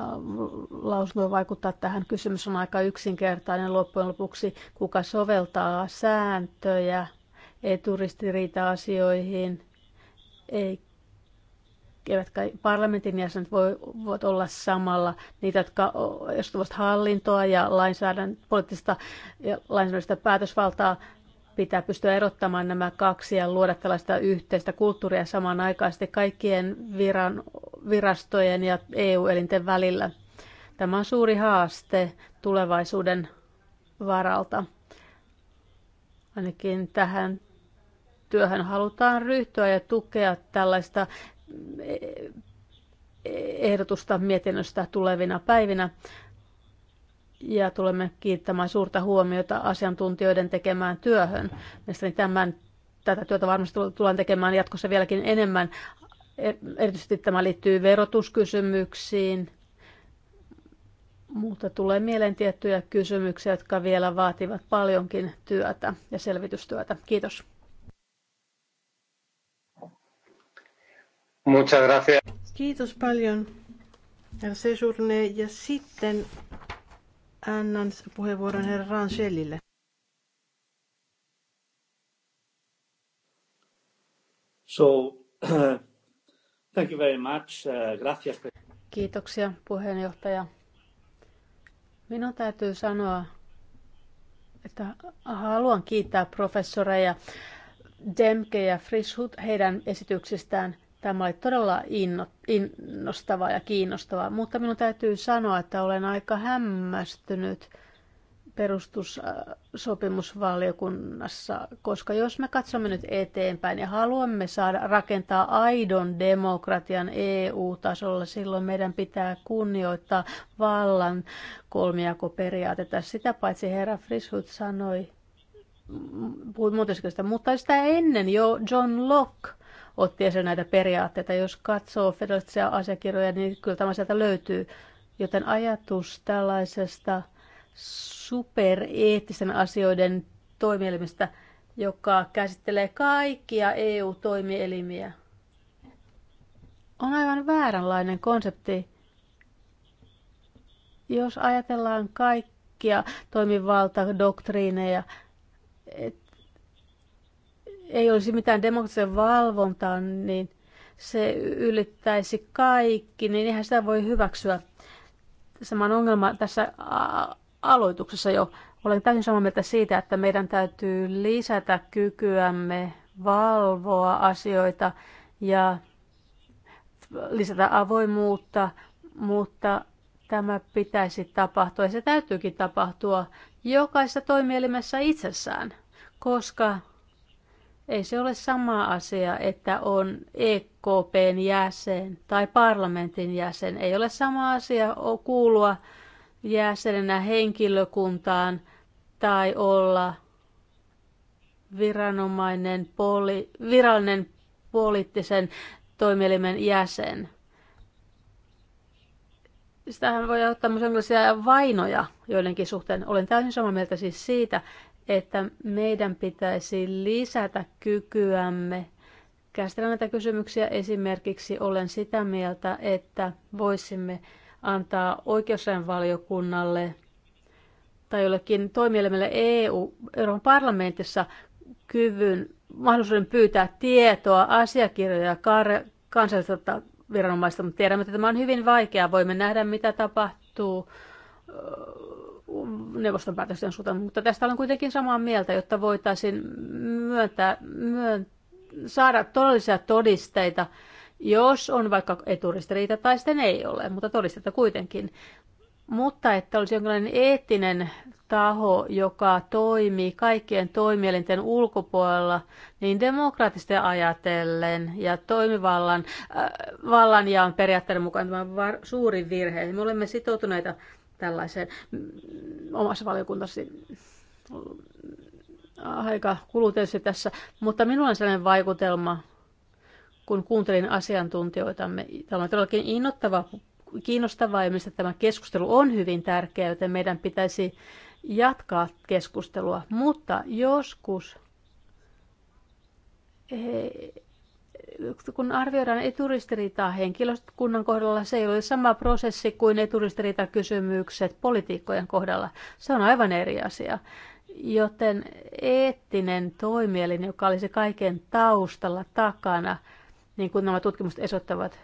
lausunto vaikuttaa tähän. Kysymys on aika yksinkertainen loppujen lopuksi, kuka soveltaa sääntöjä turistiriita asioihin eikä kai parlamentin jäsenet voi, voivat olla samalla niitä, jotka edustavat hallintoa ja lainsäädän, poliittista ja lainsäädännöllistä päätösvaltaa pitää pystyä erottamaan nämä kaksi ja luoda tällaista yhteistä kulttuuria samanaikaisesti kaikkien viran, virastojen ja EU-elinten välillä. Tämä on suuri haaste tulevaisuuden varalta. Ainakin tähän työhön halutaan ryhtyä ja tukea tällaista ehdotusta mietinnöstä tulevina päivinä. Ja tulemme kiittämään suurta huomiota asiantuntijoiden tekemään työhön. Mielestäni tämän, tätä työtä varmasti tullaan tekemään jatkossa vieläkin enemmän. Erityisesti tämä liittyy verotuskysymyksiin, mutta tulee mieleen tiettyjä kysymyksiä, jotka vielä vaativat paljonkin työtä ja selvitystyötä. Kiitos. Muchas gracias. Kiitos paljon. Se ja sitten annan puheenvuoron herra Rangelille. So, [clears throat] thank you very much. Uh, gracias. Kiitoksia puheenjohtaja. Minun täytyy sanoa, että haluan kiittää professoreja Demke ja Frischhut heidän esityksistään Tämä oli todella innostavaa ja kiinnostavaa, mutta minun täytyy sanoa, että olen aika hämmästynyt perustussopimusvaliokunnassa, koska jos me katsomme nyt eteenpäin ja haluamme saada rakentaa aidon demokratian EU-tasolla, silloin meidän pitää kunnioittaa vallan kolmijakoperiaatetta. Sitä paitsi herra Frishut sanoi, puhuin sitä, mutta sitä ennen jo John Locke otti esille näitä periaatteita. Jos katsoo federalistisia asiakirjoja, niin kyllä tämä sieltä löytyy. Joten ajatus tällaisesta supereettisen asioiden toimielimestä, joka käsittelee kaikkia EU-toimielimiä, on aivan vääränlainen konsepti. Jos ajatellaan kaikkia toimivalta, doktriineja, ei olisi mitään demokratian valvontaa, niin se ylittäisi kaikki, niin eihän sitä voi hyväksyä. Sama ongelma tässä aloituksessa jo. Olen täysin samaa mieltä siitä, että meidän täytyy lisätä kykyämme valvoa asioita ja lisätä avoimuutta, mutta tämä pitäisi tapahtua ja se täytyykin tapahtua jokaisessa toimielimessä itsessään, koska ei se ole sama asia, että on EKPn jäsen tai parlamentin jäsen. Ei ole sama asia kuulua jäsenenä henkilökuntaan tai olla viranomainen, poli, virallinen poliittisen toimielimen jäsen. Sitähän voi ottaa myös vainoja joidenkin suhteen. Olen täysin samaa mieltä siis siitä, että meidän pitäisi lisätä kykyämme käsitellä näitä kysymyksiä. Esimerkiksi olen sitä mieltä, että voisimme antaa oikeusvaliokunnalle tai jollekin toimielimelle EU, Euroopan parlamentissa kyvyn, mahdollisuuden pyytää tietoa, asiakirjoja kansallisilta viranomaista, mutta tiedämme, että tämä on hyvin vaikeaa. Voimme nähdä, mitä tapahtuu neuvoston päätösten suhteen, mutta tästä olen kuitenkin samaa mieltä, jotta voitaisiin myöntää, myönt- saada todellisia todisteita, jos on vaikka eturistiriita tai sitten ei ole, mutta todisteita kuitenkin. Mutta että olisi jonkinlainen eettinen taho, joka toimii kaikkien toimielinten ulkopuolella niin demokraattisesti ajatellen ja toimivallan äh, vallanjaan periaatteiden mukaan tämä on suuri virhe. Me olemme sitoutuneita tällaiseen mm, omassa valiokuntasi aika kulutelsi tässä, mutta minulla on sellainen vaikutelma, kun kuuntelin asiantuntijoitamme. Tämä on todellakin innoittava, kiinnostavaa ja mistä tämä keskustelu on hyvin tärkeä, joten meidän pitäisi jatkaa keskustelua, mutta joskus eh, kun arvioidaan eturistiriitaa henkilökunnan kohdalla, se ei ole sama prosessi kuin eturistiriitakysymykset politiikkojen kohdalla. Se on aivan eri asia. Joten eettinen toimielin, joka olisi kaiken taustalla takana, niin kuin nämä tutkimukset esottavat,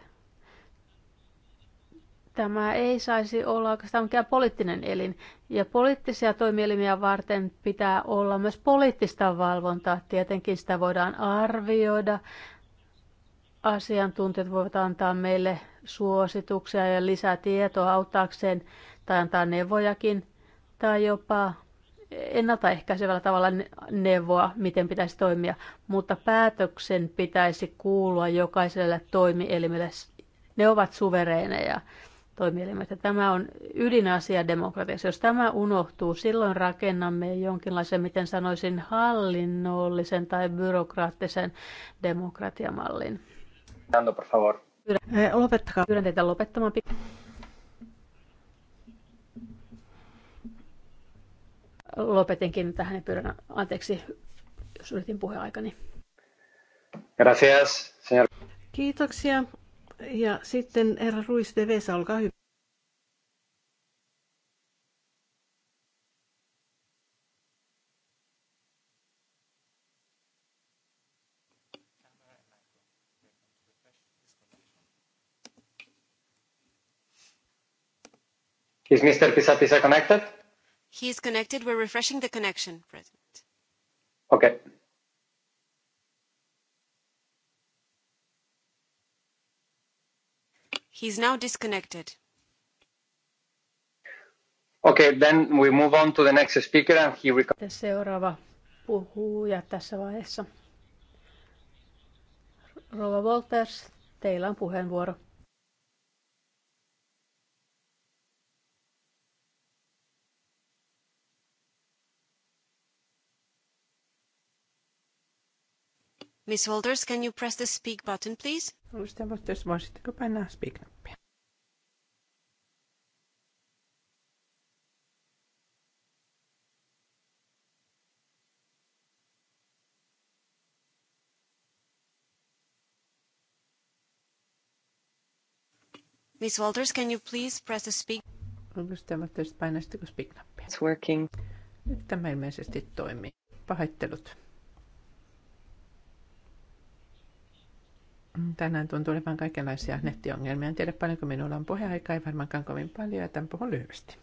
tämä ei saisi olla oikeastaan mikään poliittinen elin. Ja poliittisia toimielimiä varten pitää olla myös poliittista valvontaa. Tietenkin sitä voidaan arvioida, asiantuntijat voivat antaa meille suosituksia ja lisää tietoa auttaakseen tai antaa neuvojakin tai jopa ennaltaehkäisevällä tavalla neuvoa, miten pitäisi toimia, mutta päätöksen pitäisi kuulua jokaiselle toimielimelle. Ne ovat suvereineja toimielimet. Ja tämä on ydinasia demokratiassa. Jos tämä unohtuu, silloin rakennamme jonkinlaisen, miten sanoisin, hallinnollisen tai byrokraattisen demokratiamallin. Dando, por favor. Eh, lopettakaa. Pyydän teitä lopettamaan. Lopetinkin tähän ja pyydän anteeksi, jos yritin puheaikani. Gracias, señor. Kiitoksia. Ja sitten herra Ruiz de Vesa, olkaa hyvä. Is Mr. Pisapisa connected? He is connected. We're refreshing the connection, President. Okay. He's now disconnected. Okay, then we move on to the next speaker and he records. Seuraava puhuja tässä vaiheessa. Rova Wolters, teillä on puheenvuoro. Miss Walters, can you press the speak button, please? Edustaja Walters, voisitteko painaa speak-nappia? Miss Walters, can you please press the speak? Edustaja Walters, painaisitteko speak-nappia? It's working. Nyt tämä ilmeisesti toimii. Pahoittelut. tänään tuntuu olevan kaikenlaisia nettiongelmia. En tiedä paljonko minulla on puheaikaa, ei varmaankaan kovin paljon, tämän puhun lyhyesti.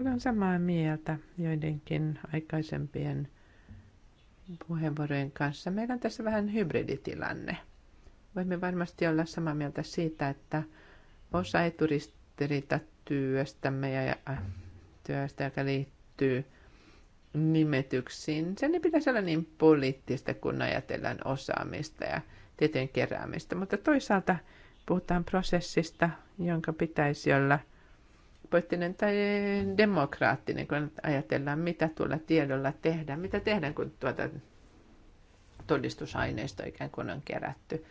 Olen samaa mieltä joidenkin aikaisempien puheenvuorojen kanssa. Meillä on tässä vähän hybriditilanne. Voimme varmasti olla samaa mieltä siitä, että osa eturistiriita työstämme ja työstä, joka liittyy nimetyksiin. Sen ei pitäisi olla niin poliittista, kun ajatellaan osaamista ja tietojen keräämistä, mutta toisaalta puhutaan prosessista, jonka pitäisi olla poliittinen tai demokraattinen, kun ajatellaan, mitä tuolla tiedolla tehdään, mitä tehdään, kun tuota todistusaineisto ikään kuin on kerätty.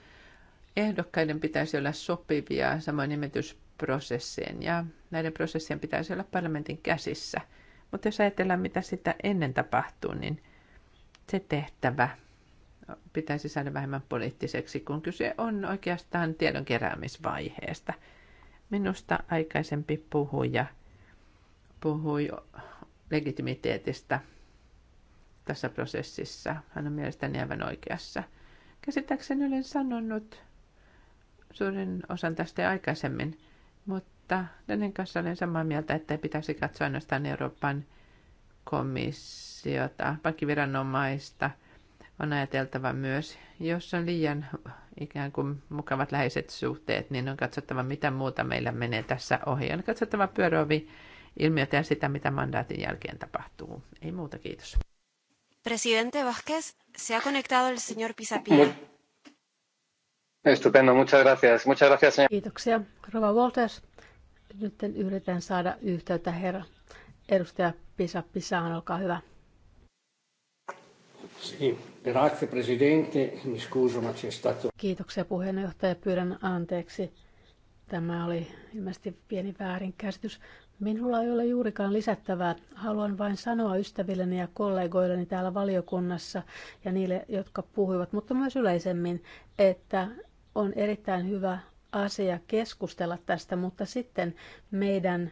Ehdokkaiden pitäisi olla sopivia samoin nimetysprosessien ja näiden prosessien pitäisi olla parlamentin käsissä – mutta jos ajatellaan, mitä sitä ennen tapahtuu, niin se tehtävä pitäisi saada vähemmän poliittiseksi, kun kyse on oikeastaan tiedon keräämisvaiheesta. Minusta aikaisempi puhuja puhui legitimiteetistä tässä prosessissa. Hän on mielestäni aivan oikeassa. Käsittääkseni olen sanonut suurin osan tästä aikaisemmin, mutta mutta Danin kanssa olen samaa mieltä, että ei pitäisi katsoa ainoastaan Euroopan komissiota, pankkiviranomaista. On ajateltava myös, jos on liian ikään kuin mukavat läheiset suhteet, niin on katsottava, mitä muuta meillä menee tässä ohi. On katsottava pyöröovi ilmiötä ja sitä, mitä mandaatin jälkeen tapahtuu. Ei muuta, kiitos. Presidente Vázquez, se ha conectado el señor Pisapia. Estupendo, muchas gracias. Muchas gracias, señor. Kiitoksia. Rova Walters. Nyt yritän saada yhteyttä herra. Edustaja Pisa Pisaan, olkaa hyvä. Kiitoksia puheenjohtaja, pyydän anteeksi. Tämä oli ilmeisesti pieni väärinkäsitys. Minulla ei ole juurikaan lisättävää. Haluan vain sanoa ystävilleni ja kollegoilleni täällä valiokunnassa ja niille, jotka puhuivat, mutta myös yleisemmin, että on erittäin hyvä asia keskustella tästä, mutta sitten meidän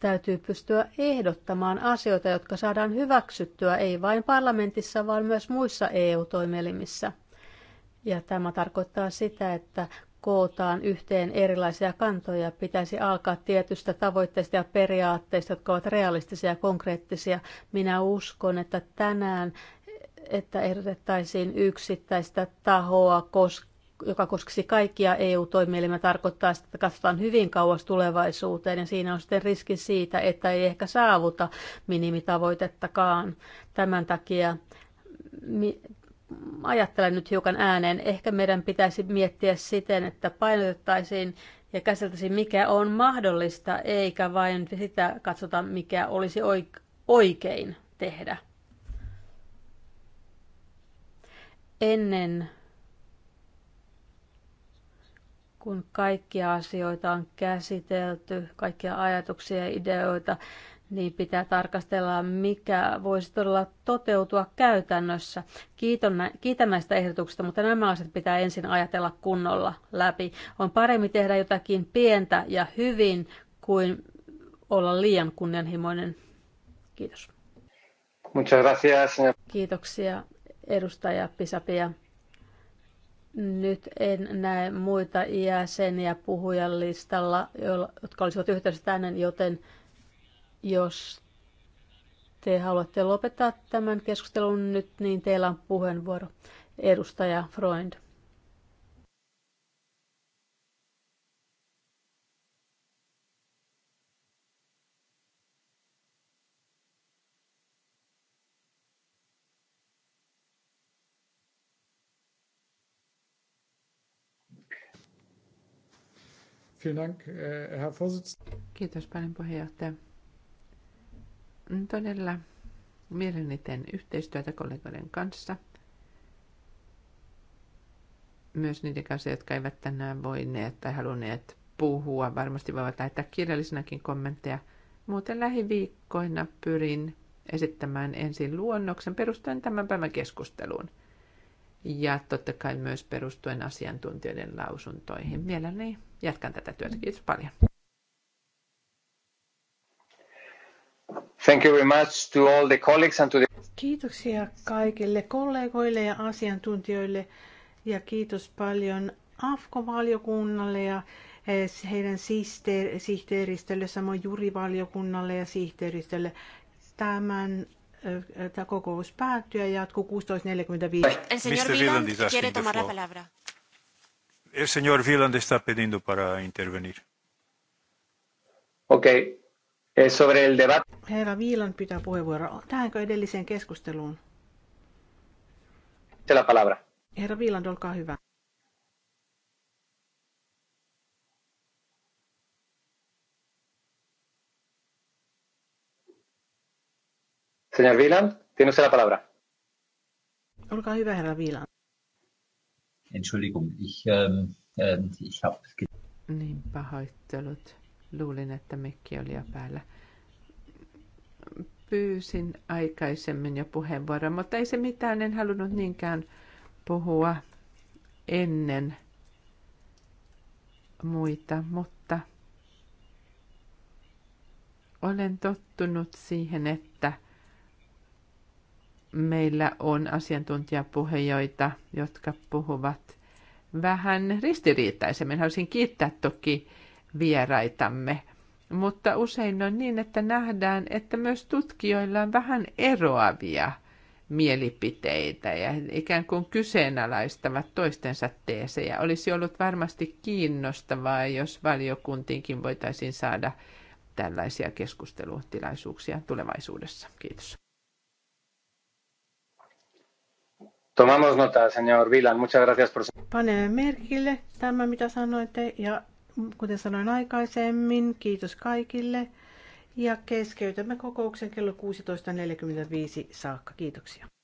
täytyy pystyä ehdottamaan asioita, jotka saadaan hyväksyttyä ei vain parlamentissa, vaan myös muissa EU-toimielimissä. Ja tämä tarkoittaa sitä, että kootaan yhteen erilaisia kantoja, pitäisi alkaa tietystä tavoitteista ja periaatteista, jotka ovat realistisia ja konkreettisia. Minä uskon, että tänään että ehdotettaisiin yksittäistä tahoa koska joka koskisi kaikkia EU-toimielimiä, tarkoittaa, että katsotaan hyvin kauas tulevaisuuteen ja siinä on sitten riski siitä, että ei ehkä saavuta minimitavoitettakaan. Tämän takia ajattelen nyt hiukan ääneen. Ehkä meidän pitäisi miettiä siten, että painotettaisiin ja käsiteltäisiin, mikä on mahdollista, eikä vain sitä katsota, mikä olisi oikein tehdä. Ennen kun kaikkia asioita on käsitelty, kaikkia ajatuksia ja ideoita, niin pitää tarkastella, mikä voisi todella toteutua käytännössä. Kiiton, kiitän näistä ehdotuksista, mutta nämä asiat pitää ensin ajatella kunnolla läpi. On parempi tehdä jotakin pientä ja hyvin kuin olla liian kunnianhimoinen. Kiitos. Muchas gracias. Kiitoksia edustaja Pisapia. Nyt en näe muita jäseniä puhujan listalla, jotka olisivat yhteydessä tänne, joten jos te haluatte lopettaa tämän keskustelun nyt, niin teillä on puheenvuoro. Edustaja Freund. Vielen Dank, äh, Herr Vorsitzender. Kiitos paljon puheenjohtaja. Todella mielelläni teen yhteistyötä kollegoiden kanssa. Myös niiden kanssa, jotka eivät tänään voineet tai halunneet puhua. Varmasti voivat lähettää kirjallisinakin kommentteja. Muuten lähiviikkoina pyrin esittämään ensin luonnoksen perustuen tämän päivän keskusteluun. Ja totta kai myös perustuen asiantuntijoiden lausuntoihin. Mielelläni jatkan tätä työtä. Mm. Kiitos paljon. Thank you very much to all the colleagues and to the... Kiitoksia kaikille kollegoille ja asiantuntijoille ja kiitos paljon AFKO-valiokunnalle ja eh, heidän sihteeristölle, samoin jurivaliokunnalle ja sihteeristölle. Tämän eh, eh, tämä kokous päättyy ja jatkuu 16.45. El señor Wieland quiere El señor Wieland está pidiendo para intervenir. Ok. Es eh, Sobre el debate. Herra Wieland pitää puheenvuoro. Tähänkö edelliseen keskusteluun? Se La palabra. Herra Wieland, olkaa hyvä. Señor Wieland, tiene usted la palabra. Olkaa hyvä, herra Wieland. Entschuldigung, ich, ähm, ähm ich habe. Niin, pahoittelut. Luulin, että mikki oli jo päällä. Pyysin aikaisemmin jo puheenvuoron, mutta ei se mitään, en halunnut niinkään puhua ennen muita, mutta olen tottunut siihen, että – meillä on asiantuntijapuhejoita, jotka puhuvat vähän ristiriitaisemmin. Haluaisin kiittää toki vieraitamme, mutta usein on niin, että nähdään, että myös tutkijoilla on vähän eroavia mielipiteitä ja ikään kuin kyseenalaistavat toistensa teesejä. Olisi ollut varmasti kiinnostavaa, jos valiokuntiinkin voitaisiin saada tällaisia keskustelutilaisuuksia tulevaisuudessa. Kiitos. Tomamos nota, señor Vilan. Muchas gracias por... Panee merkille tämä, mitä sanoitte, ja kuten sanoin aikaisemmin, kiitos kaikille. Ja keskeytämme kokouksen kello 16.45 saakka. Kiitoksia.